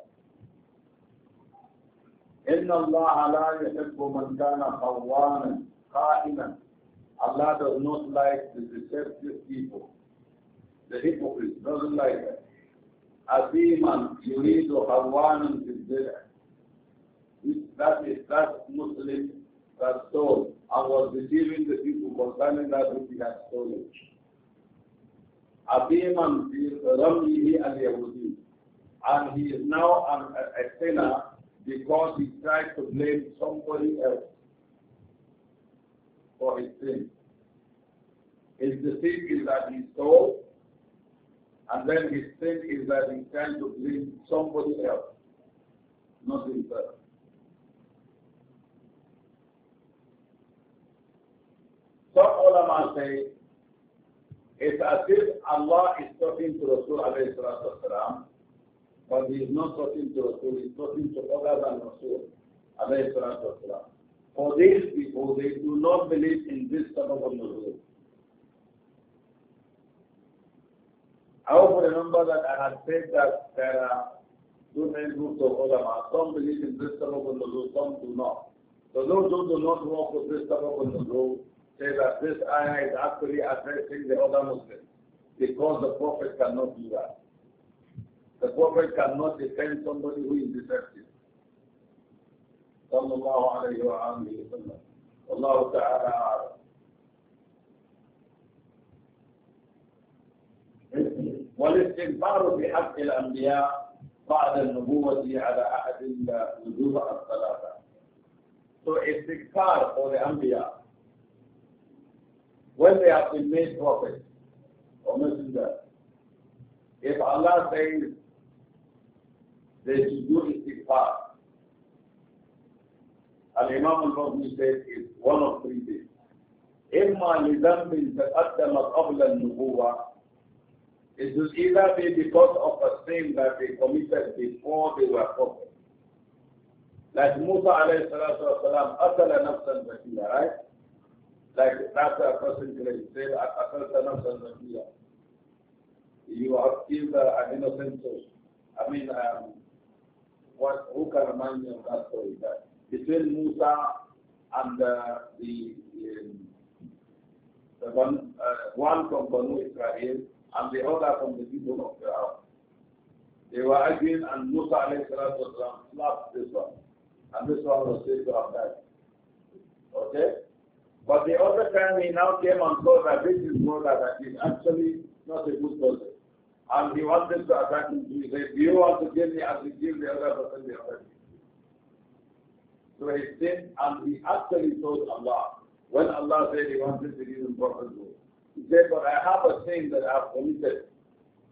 Inna الله لا يحب man kana خوانا قائما Allah does not like the deceptive people, the hypocrites, doesn't like that. Aziman yuridu hawanan fil That is that Muslim that stole and was deceiving the people concerning that which he had stolen. Abiman Ramlihi al Yahudi. And he is now an, a, a sinner because he tried to blame somebody else for his sin. His deceit is that he stole, and then his sin is that he tried to blame somebody else, not himself. ulama say, it's as if Allah is talking to Rasul alayhi but he is not talking to Rasul, he is talking to other than Rasul alayhi salatu wasalam. For these people, they do not believe in this type of nuzul. I also remember that I had said that there are two main groups of ulama. Some believe in this type of nuzul, some do not. So those who do not walk with this type of nuzul, say that this ayah is actually addressing the other Muslims because the Prophet cannot do that. The Prophet cannot defend somebody who is deceptive. صلى الله عليه وآله وسلم والله تعالى أعلم والاستغفار بحق الأنبياء بعد النبوة على أحد الوجوه الثلاثة. So istighfar for the Anbiya when they have been made prophets, or messenger. If Allah says they should do istighfar, and imam al-Fawzi says it's one of three things. إما لذنب تقدم قبل النبوة It will either be because of a sin that they committed before they were prophet. Like Musa alayhi salatu wasalam, أَسَلَ نَفْسًا right? Like after a person claims, said, You have killed an innocent soul. I mean, um, what, who can remind me of that story? That between Musa and uh, the, um, the one, uh, one from Banu Israel and the other from the people of the earth, They were arguing, and Musa was slapped this one, and this one was said to have died. Okay? But the other time he now came and told that this is brother that is actually not a good person. And he wanted to attack him. He said, Do you want to give me as you give the other person the other So he sinned and he actually told Allah. When Allah said he wanted to give him Prophet he said, But I have a thing that I have committed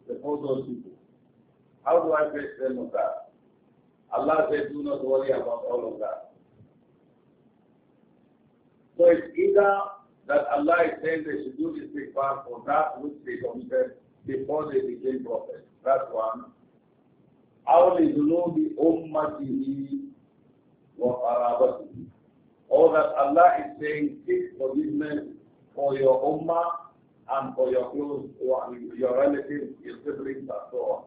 before those people. How do I face them of that? Allah said, Do not worry about all of that. So it's either that Allah is saying they should do istighfar for that which they committed before they became prophets. That's one. أو لذنوب أمته وقرابته. Or that Allah is saying, seek forgiveness for your ummah and for your close, your relatives, your siblings, and so on.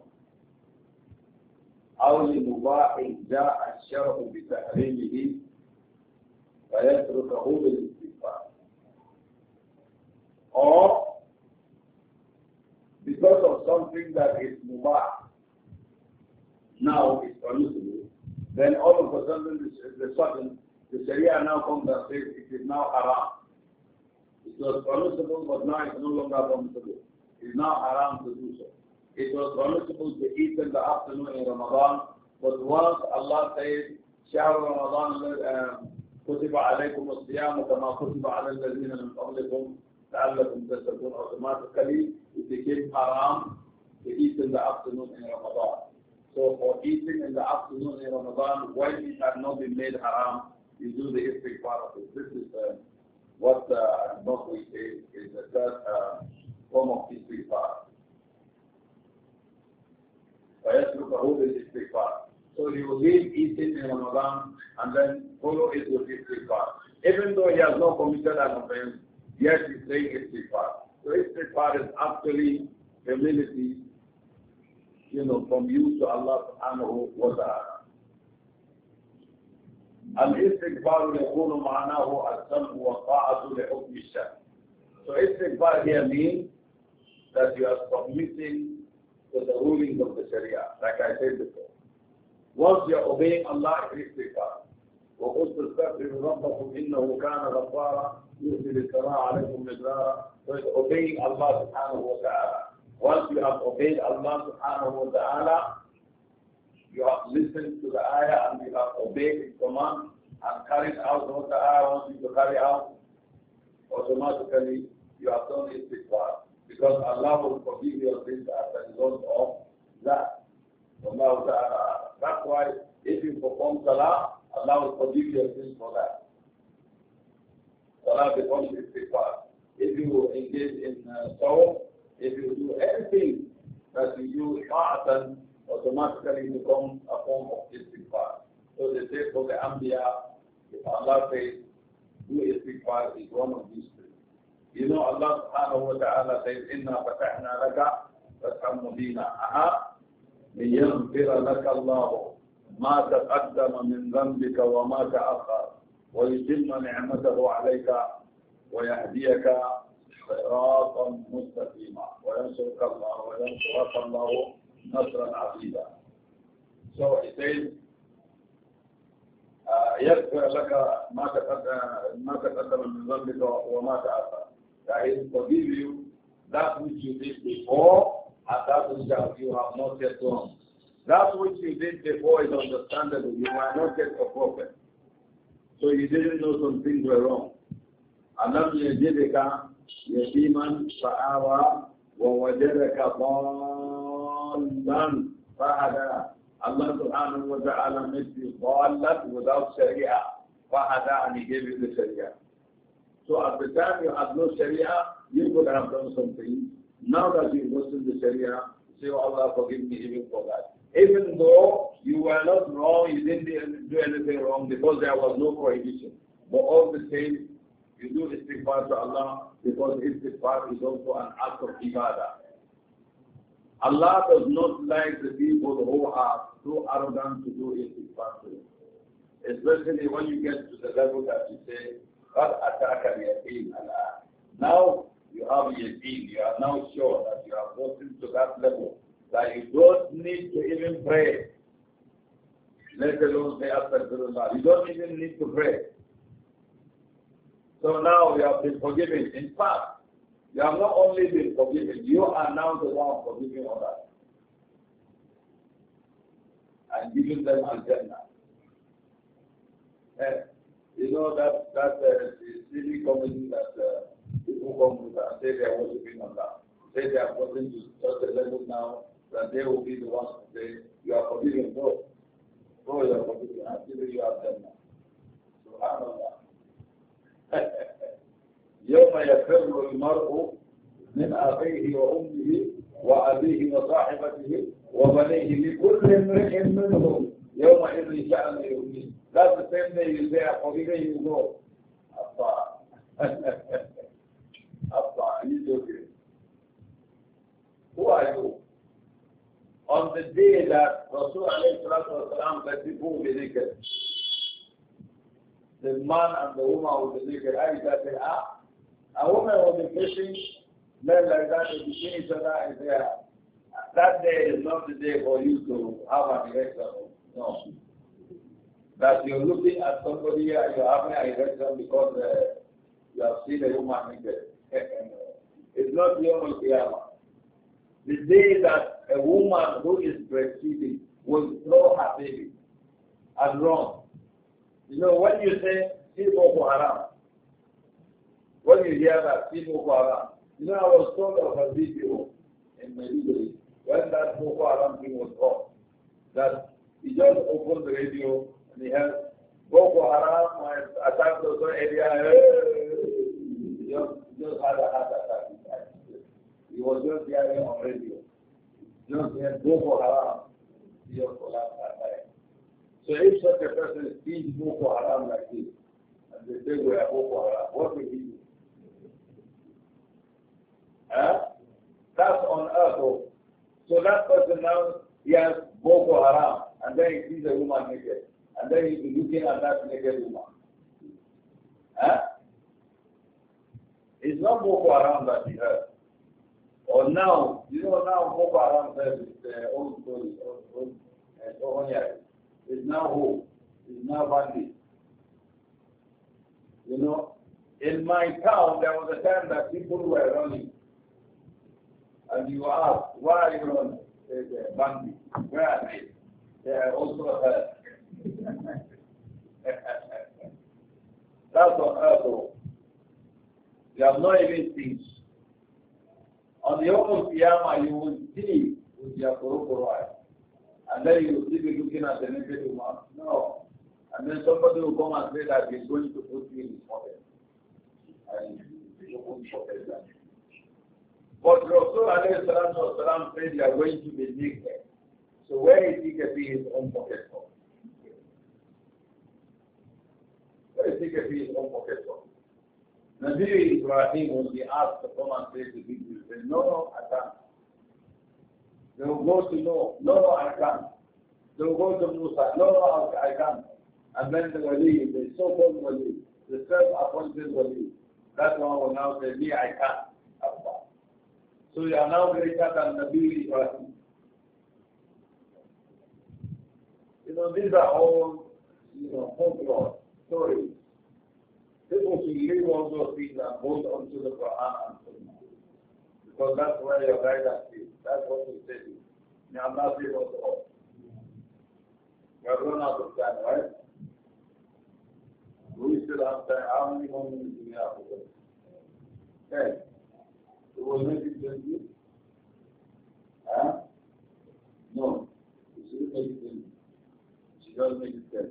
أو لمباح جاء الشرع بتحريمه فيتركه بالاستغفار or because of something that is mubah now is permissible then all of a sudden the, the sudden the Sharia now comes and says it is now haram it was permissible but now it's no longer permissible it is now haram to do so it was permissible to eat in the afternoon in Ramadan but once Allah says شهر رمضان كتب عليكم الصيام كما كتب على الذين من قبلكم لعلكم تتقون automatically it became haram to eat in the afternoon in Ramadan. So for eating in the afternoon in Ramadan, when it had not been made haram, you do the iftar part of it. This is uh, what the uh, Nokwi says is the third uh, form of iftar. فيسلكه بالاستغفار So he will leave eating in Ramadan and then follow it with istighfar. Even though he has not committed an offense, yet he's saying istighfar. So istighfar is actually humility, you know, from you to Allah subhanahu wa ta'ala. الاستكبار يكون معناه السمع والطاعة لحكم الشرع. So istighfar here means that you are submitting to the rulings of the Sharia, like I said before. Once you're obeying Allah in istighfar. وقلت استغفروا ربكم انه كان غفارا يرسل السماء عليكم مدرارا So it's obeying Allah subhanahu wa ta'ala. Once you have obeyed Allah subhanahu wa ta'ala, you have listened to the ayah and you have obeyed his command and carried out what the ayah wants you to carry out, automatically you have done it before. Because Allah will forgive your sins as a result of that. Allah ta'ala. That's why if you perform salah, Allah will forgive your sins for that. Salah becomes istighfar. If you engage in uh, if you do anything that you do ma'atan, automatically becomes a form of istighfar. So they say for the Ambiya, if Allah says, do istighfar is one of these things. You know Allah subhanahu wa ta'ala says, إِنَّا فَتَحْنَا لَكَ فَتْحًا مُبِينًا ليغفر لك الله ما تقدم من ذنبك وما تأخر ويتم نعمته عليك ويهديك صراطا مستقيما وينصرك الله وينصرك الله نصرا عزيزا. So he says, آه، يغفر لك ما تقدم ما تقدم من ذنبك وما تأخر. That is forgive you that which you did before at that you have not yet done. That which you did before is understandable. You are not yet a prophet. So you didn't know some things were wrong. أَلَمْ يَجِدْكَ يَتِيمًا wa وَوَجَدَكَ ضَالًّا فَهَدَى Allah subhanahu wa ta'ala makes you ضَالًّا without sharia. فَهَدَى and he gave you the sharia. So at the time you had no sharia, you could have done something now that you Muslim the Sharia, say, oh, Allah, forgive me even for that. Even though you were not wrong, you didn't do anything wrong because there was no prohibition. But all the same, you do istighfar to Allah because istighfar is also an act of ibadah. Allah does not like the people who are too arrogant to do istighfar to him. Especially when you get to the level that you say, قَدْ أَتَاكَ الْيَقِينَ الْآنَ Now you have yaqeen, you are now sure that you have gotten to that level, that you don't need to even pray. Let alone say astaghfirullah. You don't even need to pray. So now you have been forgiven. In fact, you have not only been forgiven, you are now the one forgiving others. And giving them a jannah. Eh, you know that that uh, silly comedy that uh, people come with and say they are worshiping Allah. Say they are going to such a level now that they will be the ones to say, you are forgiven, go. Go, you are forgiven. Actually, you are done now. SubhanAllah. يوم يفر المرء من أبيه وأمه وأبيه وصاحبته وبنيه لكل امرئ منهم يومئذ شأن يغنيه. That's the same day you say, I forgive Who are you? On the day that Rasulullah let people be naked, the man and the woman will be naked. I said, ah, a woman will be facing men like that, be between each other and say, that day is not the day for you to have an erection. No. That you're looking at somebody and you're having an erection because uh, you have seen a woman naked. It's not Yom Al The day that a woman who is breastfeeding will throw her baby and run. You know, when you say, see Boko Haram, when you hear that, see Boko Haram, you know, I was told of a video in Medjugorje when that Boko Haram thing was off, that he just opened the radio and he heard Boko Haram attacked the area. He just, just had a heart attack. He was just there on radio. Just there, go for haram. He was that time. So if such a person sees Boko Haram like this, and they say we are Boko Haram, what will he do? Huh? That's on earth. Oh. So that person now, he has Boko Haram, and then he sees a woman naked, and then he's looking at that naked woman. Huh? It's not Boko Haram that he has now, you know now Boko Haram uh, story, and so on It's now who? It's now bandit. You know, in my town there was a time that people were running. And you ask, why are you running? They say, bandit. Where are they? They are also hurt. That's I earth. They have not even seen. On Yawm al-Qiyamah, you will see with your Kurukuru eye. And then you will still be looking at the negative naked woman. No. And then somebody will come and say that he's going to put you in his pocket. And you won't forget that. But Rasul alayhi salatu Salam, said you are going to be naked. So where is he getting his own pocket from? Where is he getting his own pocket from? Nabi Ibrahim was be asked to come and say to give you, said, no, no, I can't. They will go to no, no, I can't. They will go to Musa, no, no, I can't. And then the Wali, the so-called Wali, the self-appointed Wali, that one will now say, me, I can't. So you are now greater than Nabi Ibrahim. You know, these are all, you know, folklore stories. This what you also things are both unto the Quran and Sunnah. Because that's where your guidance is. That's what we say. May Allah save us all. We are run out of time, right? We still have time. How many more minutes do we have for this? Ten. We will make it twenty. Huh? No. We should make it twenty. She doesn't make it ten.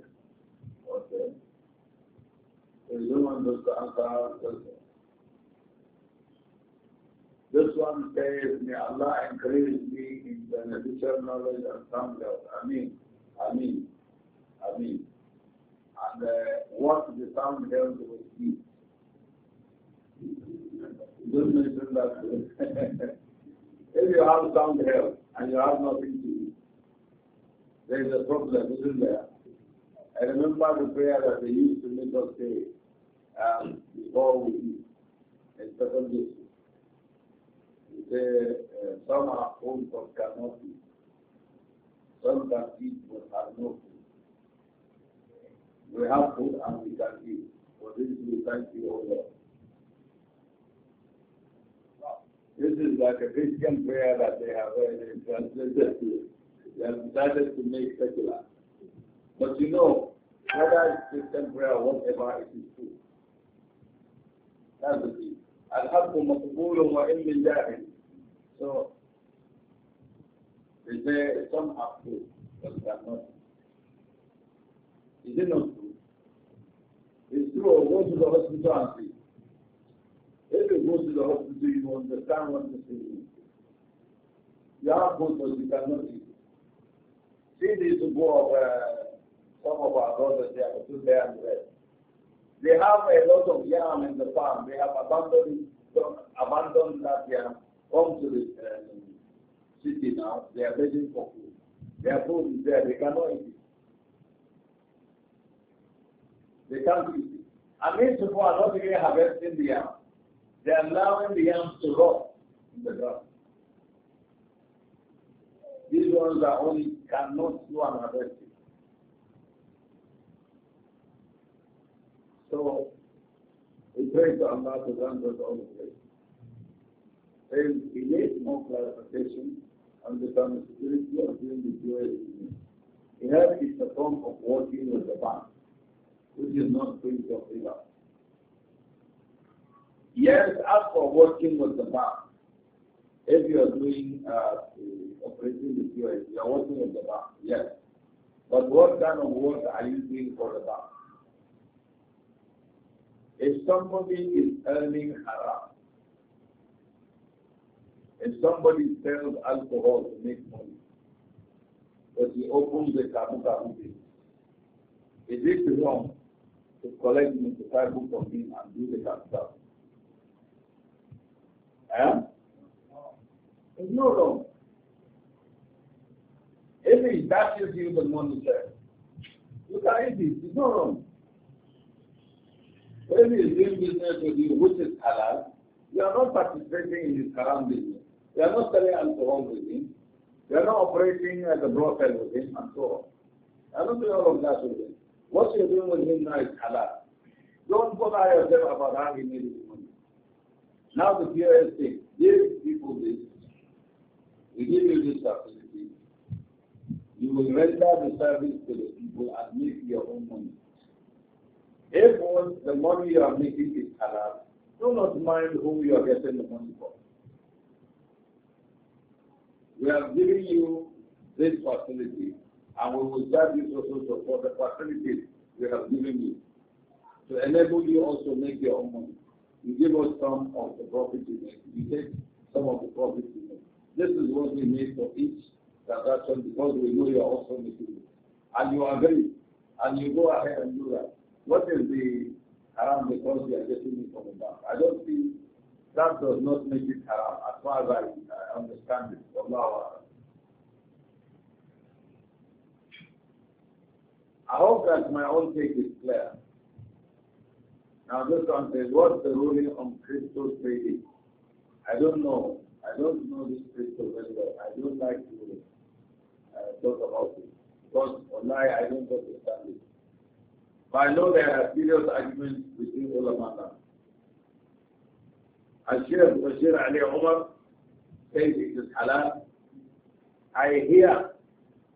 Okay the This one says, May Allah increase me in the additional knowledge and sound health." Ameen. Ameen. Ameen. And uh, what the sound health will be? Don't mention that. if you have sound health and you have nothing to eat, there is a problem, isn't there? I remember the prayer that they used to make us say, um, before we eat. And the, uh, some are home but cannot eat. Some can eat but are not food. We have food and we can eat. For this we thank you, O Lord. This is like a Christian prayer that they have and uh, translated to. They have decided to make secular. But you know, whether it's Christian prayer or whatever, it is true. That's the key. الحق مقبول وإن من جاهل. So, they say some are true, but they are not. Is it not true? It's true, or go to the hospital and see. If you go to the hospital, you understand what the thing is. You have food, but you cannot eat. See, these go of uh, some of our brothers, they are still there and rest. They have a lot of yam in the farm. They have abandoned, abandoned that yam, come to the uh, city now. They are begging for food. Their food is there. They cannot eat it. They can't eat it. And these people are not even harvesting the yam. They are allowing the yams to rot in the ground. These ones are only cannot do an harvest. So we pray to Allah to grant us all the grace. There is he need more clarification on the permissibility of doing the dual Here is the form of working with the bank, which is not free of riba. Yes, as for working with the bank, if you are doing uh, operating the POS, you are working with the bank, yes. But what kind of work are you doing for the bank? If somebody is earning haram, if somebody sells alcohol to make money, but he opens a kabu kabu is it wrong to collect the book from him and do the kabu kabu? Eh? It's not wrong. If he dashes you the money, sir, look at it. It's not wrong. When he is doing business with you, which is halal, you are not participating in his haram business. You are not selling alcohol with him. You are not operating as a broker with him, and so on. I don't do all of that with him. What you're doing with him now is halal. Don't bother yourself about how he made his money. Now the purest thing, give people this. We give you this facility. You will render the service to the people and make your own money. If the money you are making is halal, do not mind whom you are getting the money from. We are giving you this facility, and we will charge you also for the facilities we have given you to enable you also make your own money. You give us some of the profit you make. You take some of the profit you make. This is what we make for each transaction because we know you are also making it. And you agree. And you go ahead and do that. What is the haram because they are getting it from the bank? I don't think that does not make it haram as far as I, understand it. Allah. I hope that my own take is clear. Now this one says, what's the ruling on crypto trading? I don't know. I don't know this crypto very well. I don't like to uh, talk about it. Because online I don't understand it. But I know there are serious arguments between ulama. Al-Sheikh Bashir Ali Umar says it is halal. I hear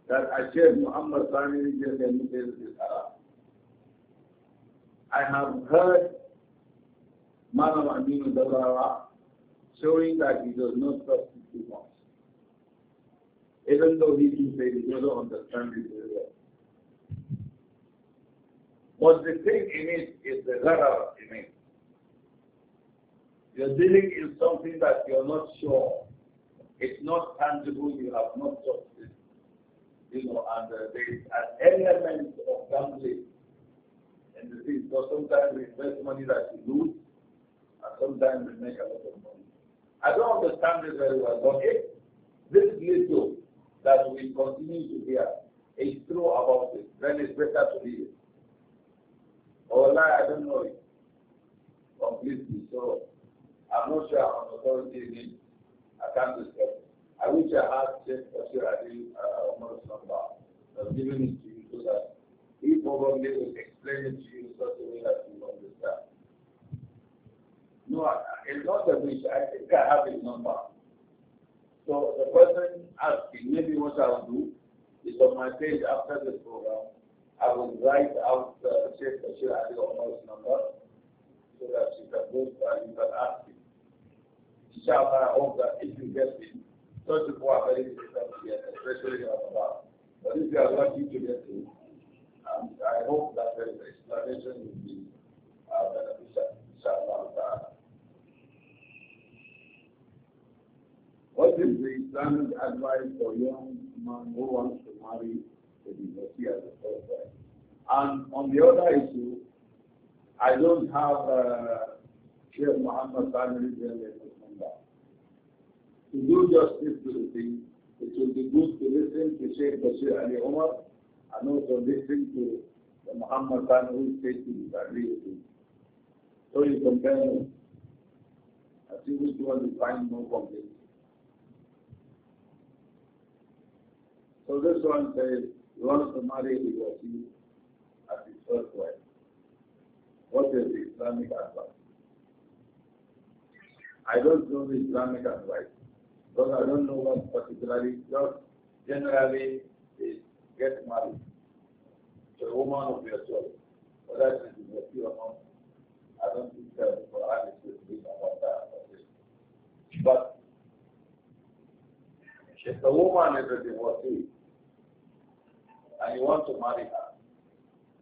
that I sheik Muhammad Sami Rijal says it is halal. I have heard Madam Aminu Dawara showing that he does not trust too Even though he can say he doesn't understand it very well. But the thing in it is the zarar in it. You're dealing in something that you're not sure. It's not tangible, you have not touched it. You know, and uh, there is an element of gambling in the thing. So sometimes we invest money that we lose, and sometimes we make a lot of money. I don't understand this very well, but if this little that we continue to hear is true about it, then it's better to be or lie, I don't know it completely. So I'm not sure on authority in it. I can't discuss I wish I had Sheikh Bashir Ali uh, number. i uh, given it to you so that he probably will explain it to you in such a way that you understand. No, I, it's not a wish. I think I have his number. So the person asking, maybe what I'll do is on my page after this program, I will write out the Sheikh Bashir Ali Omar's number so that she can go and you can ask him. Inshallah, I hope that if you get it, such a poor very difficult to get, especially in Ramadan. But if you are lucky to get it, and I hope that the explanation will be uh, beneficial. Inshallah. What is the Islamic advice for young man who wants to marry and on the other issue, I don't have uh, Sheikh Muhammad family number. To do justice to the thing, it will be good to listen to Sheikh Bashir Ali Omar and also listen to the Muhammad Khan who said to disagree with So you compare them. I think which one you find more complete. So this one says, he wants to marry his Wazir at his first wife. What is the Islamic advice? I don't know the Islamic advice because I don't know what particularly, just generally is get married to a woman of your choice. but that is a few or not, I don't think that the Quran is speaking about that. But if the woman is a divorcee, and you want to marry her,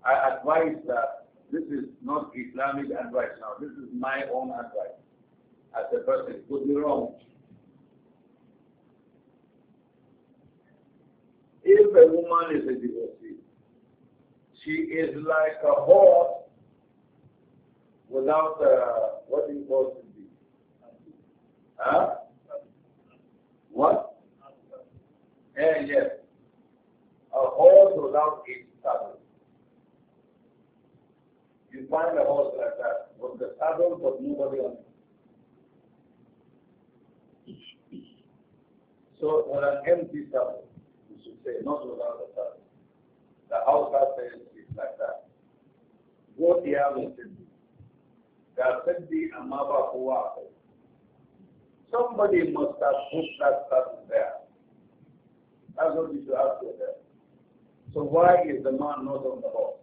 I advise that this is not Islamic advice now. This is my own advice. As a person, could be wrong. If a woman is a divorcee, she is like a horse without a, what do you call it? Huh? What? Yeah. yes are all without eight saddles. You find a horse like that with the saddle but nobody on it. So with an empty saddle, you should say, not without a saddle. The house has is like that. Go to Yahweh There Siddi and Maba Huwafe. Somebody must have put that saddle there. That's what you should ask yourself. So why is the man not on the horse?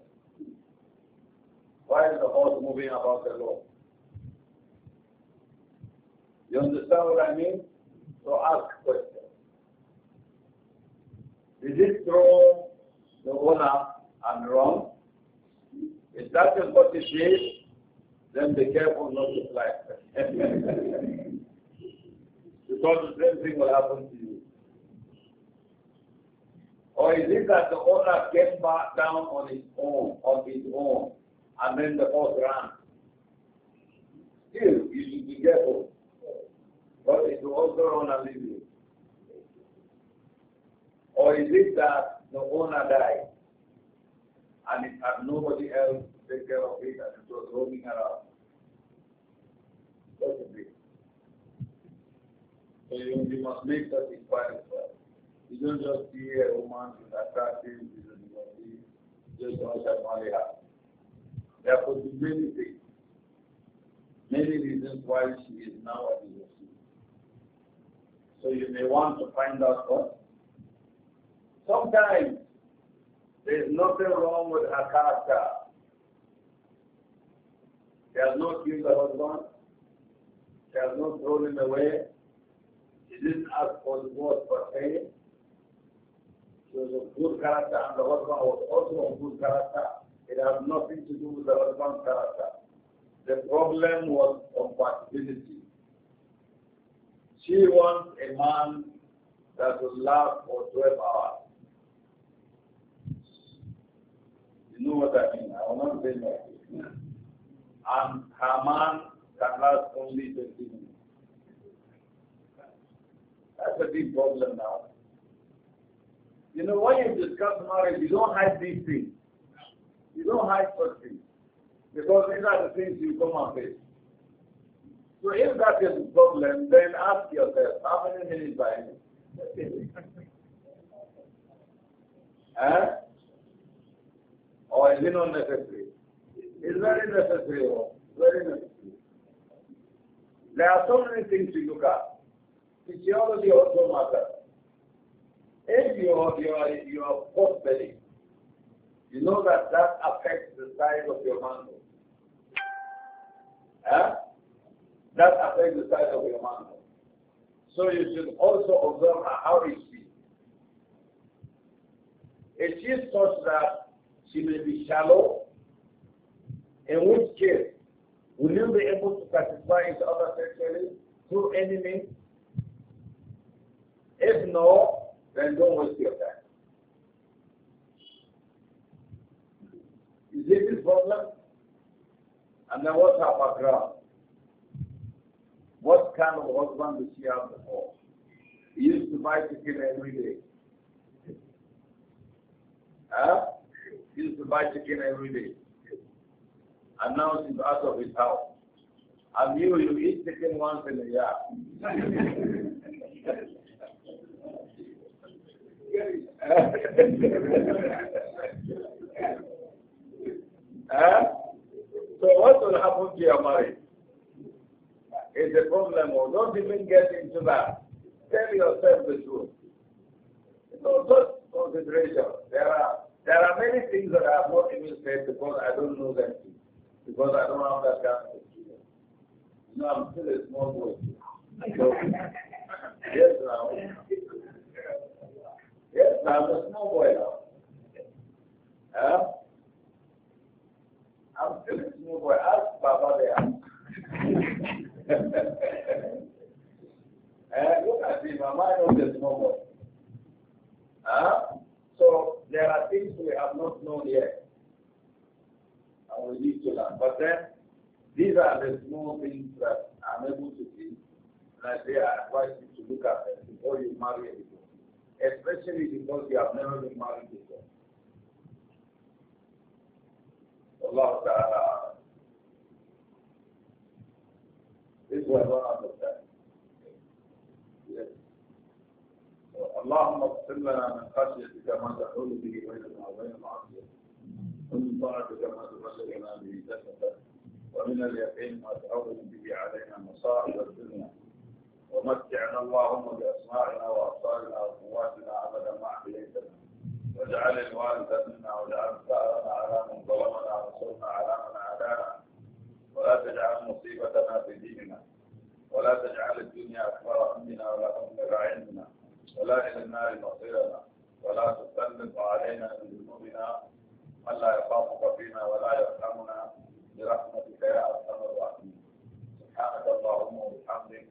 Why is the horse moving about the law? You understand what I mean? So ask questions. Is it throw the owner and wrong? If that is what it is, then be careful not to fly. because the same thing will happen to you. Or is it that the owner gets back down on his own, on his own, and then the horse runs? Still, you should be careful. But it will also run leash. Or is it that the owner died and it had nobody else to take care of it and it was roaming around? Possibly. So you must make that inquiry first. You don't just be a woman is attractive, you just want to marry money. There could be many things, many reasons why she is now a divorcee. So you may want to find out what. Sometimes there is nothing wrong with her character. She has not killed her husband. She has not thrown him away. She didn't ask for divorce for se. He was of good character and the husband was also of good character. It has nothing to do with the husband's character. The problem was compatibility. She wants a man that will last for 12 hours. You know what I mean? I will not say that. And her man can last only fifteen. minutes. That's a big problem now. You know, when you discuss marriage, you don't hide these things. You don't hide such things. Because these are the things you come and face. So if that is a problem, then ask yourself, how many minutes by any? eh? Or is it not necessary? It's very necessary. Oh. Very necessary. There are so many things to look at. Physiology also matters. If you your your are, you pot belly, you know that that affects the size of your mango. Huh? That affects the size of your mango. So you should also observe how is she. If she is such that she may be shallow, in which case, will you be able to satisfy each other sexually through any means? If no, then don't waste your time. Is it this problem? And then what's our background? What kind of husband does she have before? He used to buy chicken every day. Huh? He used to buy chicken every day. And now she's out of his house. And you, you eat chicken once in a year. huh? So what will happen to your marriage? It's a problem. or Don't even get into that. Tell yourself the truth. No such consideration. There are there are many things that I have not even said because I don't know them. Because I don't have that kind of experience. You I'm still a small boy. So, yes, now. Islam is no boiler. Yeah? I'm still a small boy. Ask Baba there. Uh, look at me. am I not a small boy? Huh? So there are things we have not known yet. And we need to learn. But then these are the small things that I'm able to see that they are advising to look at before you marry a especially because you have never been married before. Allah Ta'ala. is one of the Yes. Allahumma qasim lana min khashyatika ma ta'udhu bihi wa ila ومتعنا اللهم بأسماعنا وأبصارنا وقواتنا أبدا ما أحييتنا واجعل الوالد منا واجعل ثارنا على من ظلمنا وانصرنا على من عادانا ولا تجعل مصيبتنا في ديننا ولا تجعل الدنيا أكبر همنا ولا مبلغ علمنا ولا إلى النار مصيرنا ولا تسلط علينا من ذنوبنا من لا يخافك فينا ولا يرحمنا برحمتك يا أرحم الراحمين سبحانك اللهم وبحمدك